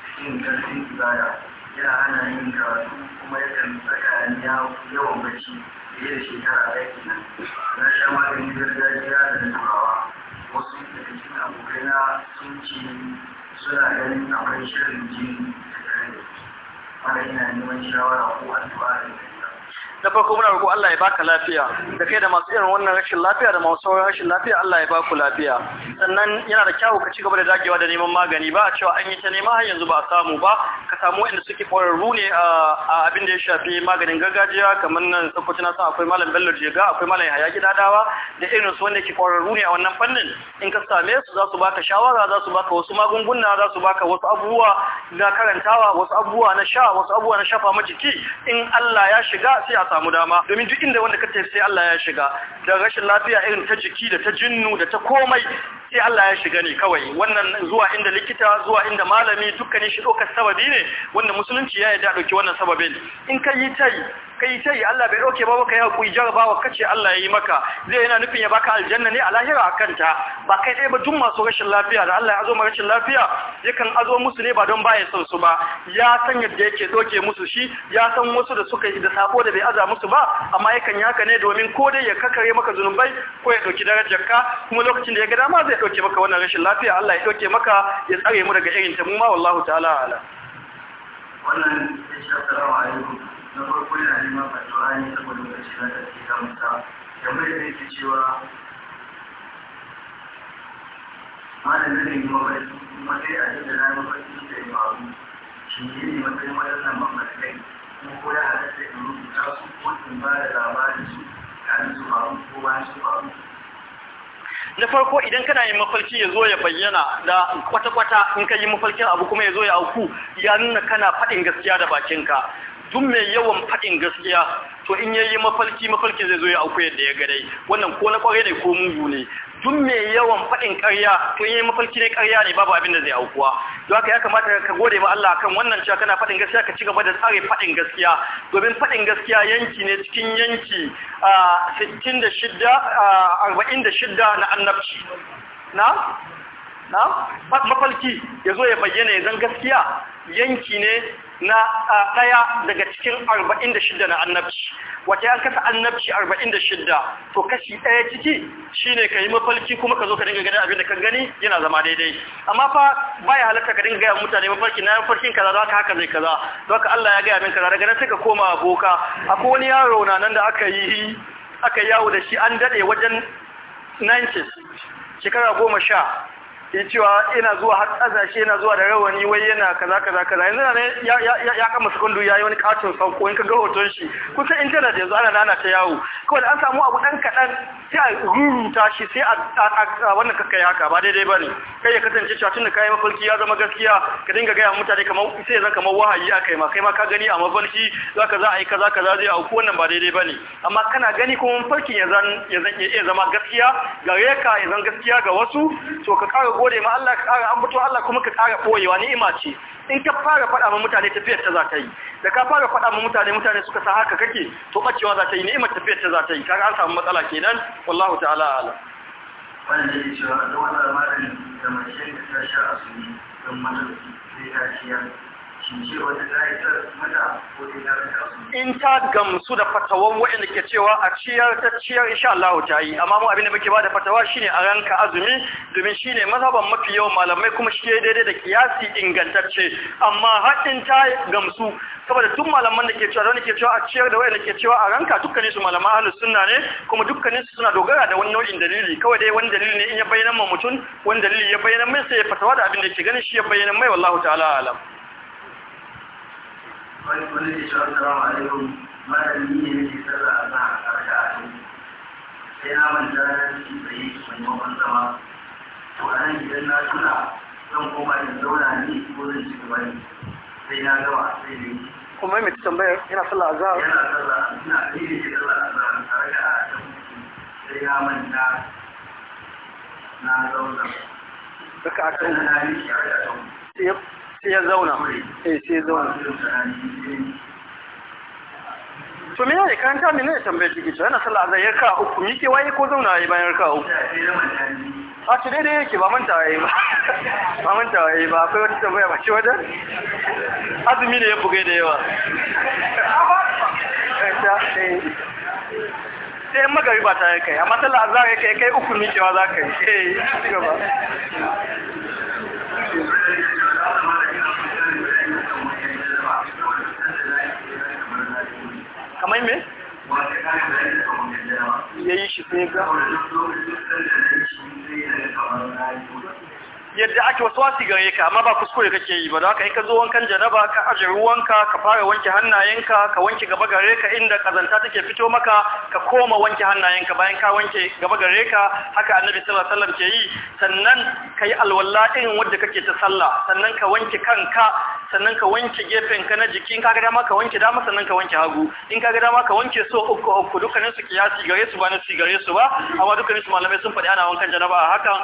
S3: cikin ƙarfin ibada ya hana yin karatu kuma yakan saka ni yawan bacci fiye da shekara ɗaya nan. na sha maganin gargajiya da na turawa wasu daga cikin abokaina sun ce suna ganin akwai shirin jini da kare ana ina neman shawara ko addu'a da
S1: na farko muna roƙo Allah ya baka lafiya da kai da masu irin wannan rashin lafiya da masu sauran rashin lafiya Allah ya baku lafiya sannan yana da kyawu ka ci gaba da dagewa da neman magani ba a cewa an yi ta nema har yanzu ba a samu ba ka samu inda suke ƙwararru ne a abin da ya shafi maganin gargajiya kamar nan sokoto na san akwai malam Bello Jega akwai malam Yahaya Gidadawa da irin su wanda ke ƙwararru ne a wannan fannin in ka same su za su baka shawara za su baka wasu magunguna za su baka wasu abubuwa na karantawa wasu abubuwa na sha wasu abubuwa na shafa majiki in Allah ya shiga sai a samu dama domin duk inda wanda ka tafi sai Allah ya shiga da rashin lafiya irin ta jiki da ta jinnu da ta komai sai Allah ya shiga ne kawai wannan zuwa inda likita zuwa inda malami dukkanin shi dokar sababi ne wanda musulunci ya yarda dauki wannan sababin in ka yi tai kai sai Allah bai dauke ba kai hakuri jarabawa kace Allah ya yi maka zai yana nufin ya baka aljanna ne a lahira akan ta ba kai dai ba duk masu rashin lafiya da Allah ya azo rashin lafiya yakan azo musu ne ba don baya son su ba ya san yadda yake doke musu shi ya san wasu da suka yi da sako da bai aza musu ba amma yakan yi haka ne domin ko dai ya kakare maka zunubai ko ya darajar ka. kuma lokacin da ya ga dama zai dauke maka wannan rashin lafiya Allah ya dauke maka ya tsare mu daga irin ta mu ma wallahu ta'ala ala
S3: wannan assalamu alaikum na farko yana neman addu'a ne saboda lokaci na tafi gamsa tambayar da ke cewa malamin ne yi mafarki kuma sai a yadda na mafarki da yi faru shi ne ne matsayin waɗannan mafarkai kuma ko ya haɗa halatta in rubuta su ko in ba da labarin su kafin su faru ko bayan su faru
S1: na farko idan kana yin mafarki ya zo ya bayyana da kwata-kwata in ka yi mafarkin abu kuma ya zo ya auku ya nuna kana faɗin gaskiya da bakinka duk mai yawan faɗin gaskiya to in yayi mafalki mafalki zai zo ya auku yadda ya gadai wannan ko na kware ne ko mugu ne duk mai yawan faɗin ƙarya to in yayi mafalki ne ƙarya ne babu abin da zai aukuwa don haka ya kamata ka gode ma Allah kan wannan cewa kana faɗin gaskiya ka ci gaba da tsare faɗin gaskiya domin faɗin gaskiya yanki ne cikin yanki a 66 46 na annabci na na mafalki ya zo ya bayyana ya zan gaskiya yanki ne na ɗaya daga cikin 46 na annabci wata ya kasa annabci 46 to kashi ɗaya ciki shine ka yi mafarki kuma ka zo ka dinga gani abin da ka gani yana zama daidai amma fa baya halatta ka dinga gaya mutane mafarki na farkin kaza za ka haka zai kaza za ka Allah ya gaya min kaza daga nan sai ka koma boka akwai wani yaro na nan da aka yi aka yawo da shi an daɗe wajen 90 shekara goma sha ya cewa ina zuwa har ƙasashe yana zuwa da rawani wai yana kaza kaza kaza yanzu ne ya kama sekundu ya yi wani katon sauko in ka ga hoton shi kusan intanet yanzu ana nana ta yawo kawai da an samu abu ɗan kaɗan sai a ruruta shi sai a wannan kakka ya haka ba daidai ba ne kai ya kasance cewa tun da kayan mafarki ya zama gaskiya ka dinga gaya mutane kamar sai zan kamar wahayi a kai ma kai ma ka gani a mafarki za ka za a yi kaza kaza zai auku wannan ba daidai ba ne amma kana gani kuma mafarkin ya zama gaskiya gare ka ya zama gaskiya ga wasu to ka kawo gode ma Allah ka an ambato Allah kuma ka ƙara ɓoyewa ni'ima ce in ka fara faɗa ma mutane tafiyar ta za ta yi da ka fara faɗa ma mutane mutane suka sa haka kake to ɓacewa za ta yi ni'imar tafiyar ta za ta yi kaga an samu matsala kenan wallahu ta'ala ala
S3: wanda ya ce da wannan malamin da mace ta sha asumi don mata sai ta ya.
S1: in ta gamsu da fatawan waɗanda ke cewa a ciyar ta ciyar insha Allah ta yi amma mu abinda muke ba da fatawa shine a ranka azumi domin shine mazhaban mafi yawan malamai kuma shi daidai da kiyasi ingantacce amma haɗin ta gamsu saboda tun malaman da ke cewa wani ke cewa a ciyar da wayanda ke cewa a ranka dukkanin su malaman ahlus sunna ne kuma dukkanin su suna dogara da wani nau'in dalili kawai dai wani dalili ne in ya bayyana ma mutum wani dalili ya bayyana mai sai ya fatawa da abin da ke ganin shi ya bayyana mai wallahu ta'ala alam
S3: wani wani ke cewa salamu alaikum ne a a a sai na manta na to a nan idan na tuna zauna ne ko zan ci sai na gama
S1: kuma mai tambayar
S3: yana sallah a zahar yana sallah ina ɗaya da ke sallah a zahar a raka a sai na manta na zauna raka a cikin sai ya zauna eh sai ya zauna
S1: to me ne karanta me ne tambaye ciki to yana sallah azan yarka uku mi ke waye ko zauna yayi bayan yarka uku a ce dai yake ba manta waye ba ba manta waye ba akwai wata tambaya ba ce wajen azumi ne ya buge da yawa eh. sai magariba ta yi kai amma sallah azhar ya kai kai uku mikewa za ka yi eh gaba kamar me ya yi shi sai ga yadda ake wasu wasi gare ka amma ba kuskure kake yi ba da haka in ka zo wankan janaba ka aje ruwanka ka fara wanke hannayenka ka wanke gaba gare ka inda kazanta take fito maka ka koma wanke hannayenka bayan ka wanke gaba gare ka haka annabi sallallahu alaihi wasallam ke yi sannan ka yi alwala irin wanda kake ta sallah sannan ka wanke kanka sannan ka wanke gefen ka na jiki in ka ga dama ka wanke dama sannan ka wanke hagu in ka ga dama ka wanke so uku uku dukkanin su kiyasi gare su ba na su gare su ba amma dukkanin su malamai sun faɗi ana wankan janaba a hakan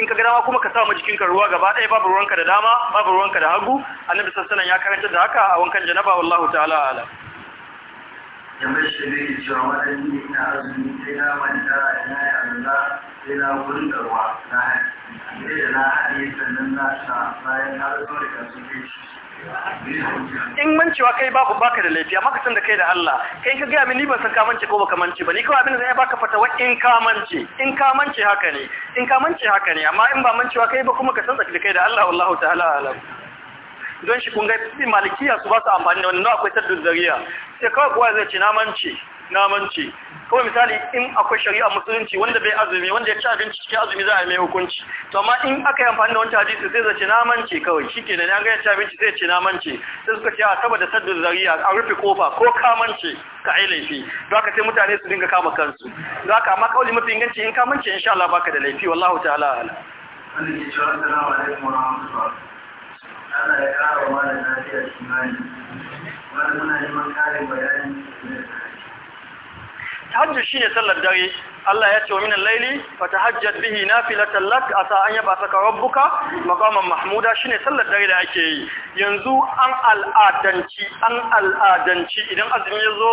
S1: in ka ga dama kuma ka sa jikin ka ruwa gaba ɗaya babu ruwanka da dama babu ruwanka da hagu annabi sassanan ya karanta da haka a wankan janaba wallahu ta'ala ala
S3: yamma shi ne cewa wadanni ina azumi sai na manta ina ya Allah sai na wurin da na na haɗe da na haɗe sannan na sa bayan na zo da kasu kai in
S1: mancewa kai babu baka da laifi amma ka san da kai da Allah kai ka gaya mini ban san ka mance ko baka mance ba ni kawai abin da zai baka fata wai in ka mance in ka mance haka ne in ka mance haka ne amma in ba mancewa kai ba kuma ka san da kai da Allah wallahu ta'ala alam don shi kun ga malikiya su ba su amfani da wannan akwai taddud zariya sai kawai kuwa zai ce na mance namanci kuma misali in akwai shari'a musulunci wanda bai azumi wanda ya ci abinci cikin azumi za a mai hukunci to amma in aka yi amfani da wancan hadisi sai zace namanci kawai shike da an ga ya ci abinci sai ce namanci sai suka ce a saboda saddu zariya a rufe kofa ko kamance ka ai laifi don haka sai mutane su dinga kama kansu don haka amma kawai mafi inganci in in sha Allah baka da laifi wallahu ta'ala ala
S3: Allah ya kara wa malam lafiya kimani. Wani muna neman karin bayani da
S1: tahajjud shine sallar dare Allah ya ce wa minal laili fatahajjad bihi nafilatan lak asa an yaba saka rabbuka maqaman mahmuda shine sallar dare da ake yi yanzu an al'adanci an al'adanci idan azumi ya zo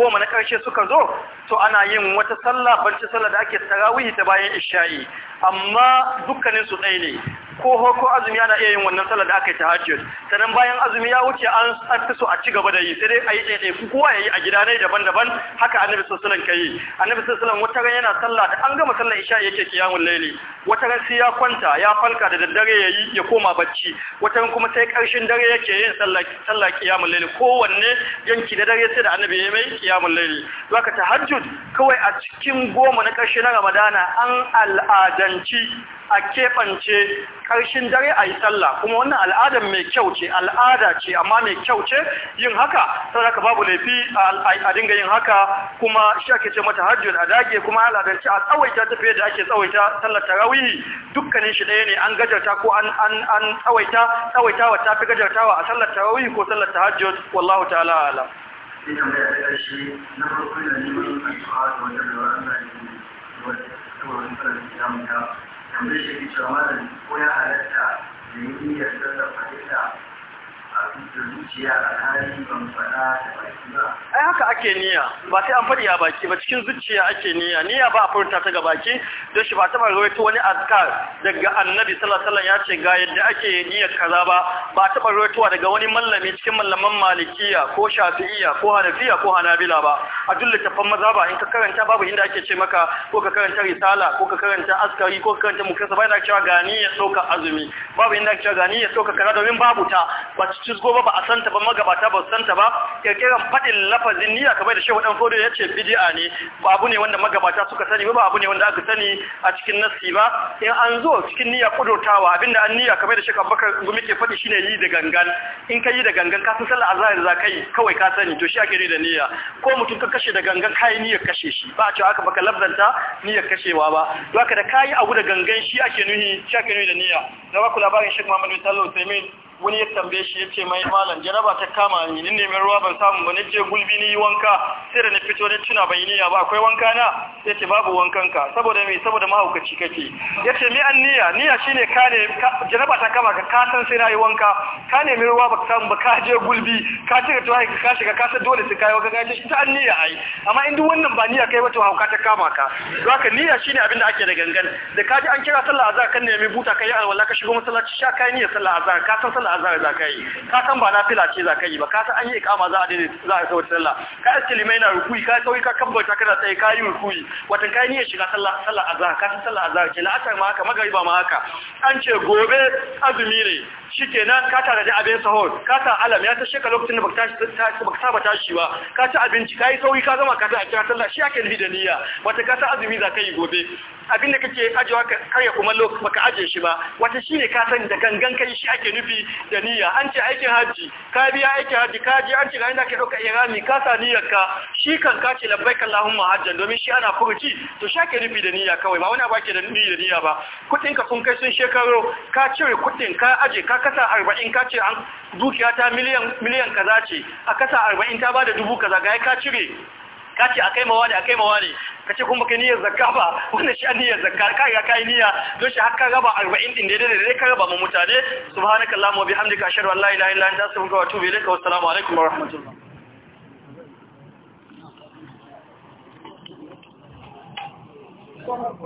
S1: goma na karshe suka zo to ana yin wata sallah barci sallah da ake tarawih ta bayan isha'i amma dukkanin su ɗaya ne ko ko azumi ana iya yin wannan sallah da aka yi tahajjud sannan bayan azumi ya wuce an tsarta su a ci gaba da yi sai dai yi ɗaya ɗaya ku kowa yayi a gida dai daban-daban haka annabi sallallahu alaihi wasallam kai annabi sallallahu alaihi wata ran yana sallah da an gama sallar isha'i yake kiyamul laili wata ran sai ya kwanta ya falka da daddare yayi ya koma bacci wata ran kuma sai karshen dare yake yin sallah sallah kiyamul laili kowanne yanki da dare sai da annabi ya mai kiyamul laili zaka tahajjud Jude kawai a cikin goma na ƙarshe na Ramadana an al'adanci a keɓance ƙarshen dare a yi sallah kuma wannan al'adar mai kyau ce al'ada ce amma mai kyau ce yin haka saboda ka babu laifi a dinga yin haka kuma shi ake ce mata hajjud a dage kuma al'adance a tsawaita ta fiye da ake tsawaita sallar tarawihi dukkanin shi ɗaya ne an gajarta ko an tsawaita tsawaita tsawaitawa ta fi gajartawa a sallar tarawihi ko sallar tahajjud wallahu ta'ala alam
S3: sai tambaya ta ƙarshe na farko yana neman addu'a da wata da Allah ya yi saboda wani tsarin samun ta tambayar ko ya halatta da yi niyyar sallar fatiha ai haka
S1: ake niyya ba sai an faɗi a baki ba cikin zuciya ake niyya niyya ba a furta ta ga baki don shi ba taɓa rawaito wani azkar daga annabi sallallahu ya ce ga yadda ake niyyar kaza ba ba taɓa rawaitowa daga wani mallami cikin mallaman malikiya ko shafi'iya ko hanafiya ko hanabila ba a duk maza mazhaba in ka karanta babu inda ake ce maka ko ka karanta risala ko ka karanta askari ko ka karanta mukasa ba inda ake cewa ga niyyar ɗaukar azumi babu inda ake cewa ga niyyar ɗaukar kaza domin babu ta ba ci ba. ba a santa ba magabata ba su santa ba kirkiran faɗin lafazin niyya kamar da shehu dan fodo ya ce bid'a ne ba abu ne wanda magabata suka sani ba abu ne wanda aka sani a cikin nasi ba in an zo cikin niyya kudurtawa abinda an niyya kamar da shehu abubakar gumi ke faɗi shine yi da gangan in ka yi da gangan ka san sallar azhar za kai kawai ka sani to shi ake ne da niyya ko mutum ka kashe da gangan kai niyyar kashe shi ba a cewa aka baka labzanta niyyar kashewa ba to haka da kai abu da gangan shi ake nuhi shi ake nuhi da niyya na ba ku labarin Sheikh Muhammad bin Alaihi Wasallam wani ya tambaye shi ya ce mai malam janaba ta kama ni ni neman ruwa ban samu ba nace gulbi ni wanka sai da na fito ne tuna bai niyya ba akwai wanka na ya ce babu wankan ka saboda me saboda mahaukaci kake ya ce mi an niyya niyya shine ka ne janaba ta kama ka ka san sai yi wanka ka nemi ruwa ba ka samu ba ka je gulbi ka cika to ai ka shiga ka san dole sai kai wanka ka ce ta an niyya ai amma in duk wannan ba niyya kai ba to hauka ta kama ka don haka niyya shine abin da ake da gangan da ka ji an kira sallah Azza kan nemi buta kai alwala ka shigo masallaci sha kai niyya sallah azhar ka san sallar azhar za ka yi ka san ba nafila ce za ka yi ba ka san an yi ikama za a daina za a sauta sallah ka iske limai na rukui ka sauyi ka kabbata kana tsaye ka yi rukui watan ni niyyar shiga sallah sallar azhar ka san sallar azhar ce la'asar ma haka magariba ma haka an ce gobe azumi ne shikenan ka tare da abin sahur ka sa alam ya ta sheka lokacin da baka tashi baka saba tashi ba ka ci abinci ka yi ka zama ka ta a kira sallah shi yake nufi da niyya wata ka san azumi za ka yi gobe abin da kake ajewa karya kuma baka aje shi ba wata shine ka san da gangan kai shi ake nufi da niyya an ce aikin hajji ka biya aikin hajji ka je an ce ga inda ka dauka irami ka sa niyyar ka shi kan ka ce labbaik allahumma hajjan domin shi ana furuci to shake ke nufi da niyya kawai ba wani abu ake da niyya da niyya ba kudin ka sun kai sun shekaru ka cire kudin ka aje ka kasa 40 ka ce an dukiya ta miliyan miliyan kaza ce a kasa 40 ta bada dubu kaza ga ka cire ka ce akai mawa ne akai mawa ne ka ce kuma kai niyyar zakka ba wannan shi niyyar zakka kai ga kai niyya don shi har ka raba 40 din daidai daidai ka raba mu mutane subhanakallahumma wa bihamdika ashhadu an la ilaha illa anta astaghfiruka wa atubu ilaika wa assalamu alaikum wa rahmatullah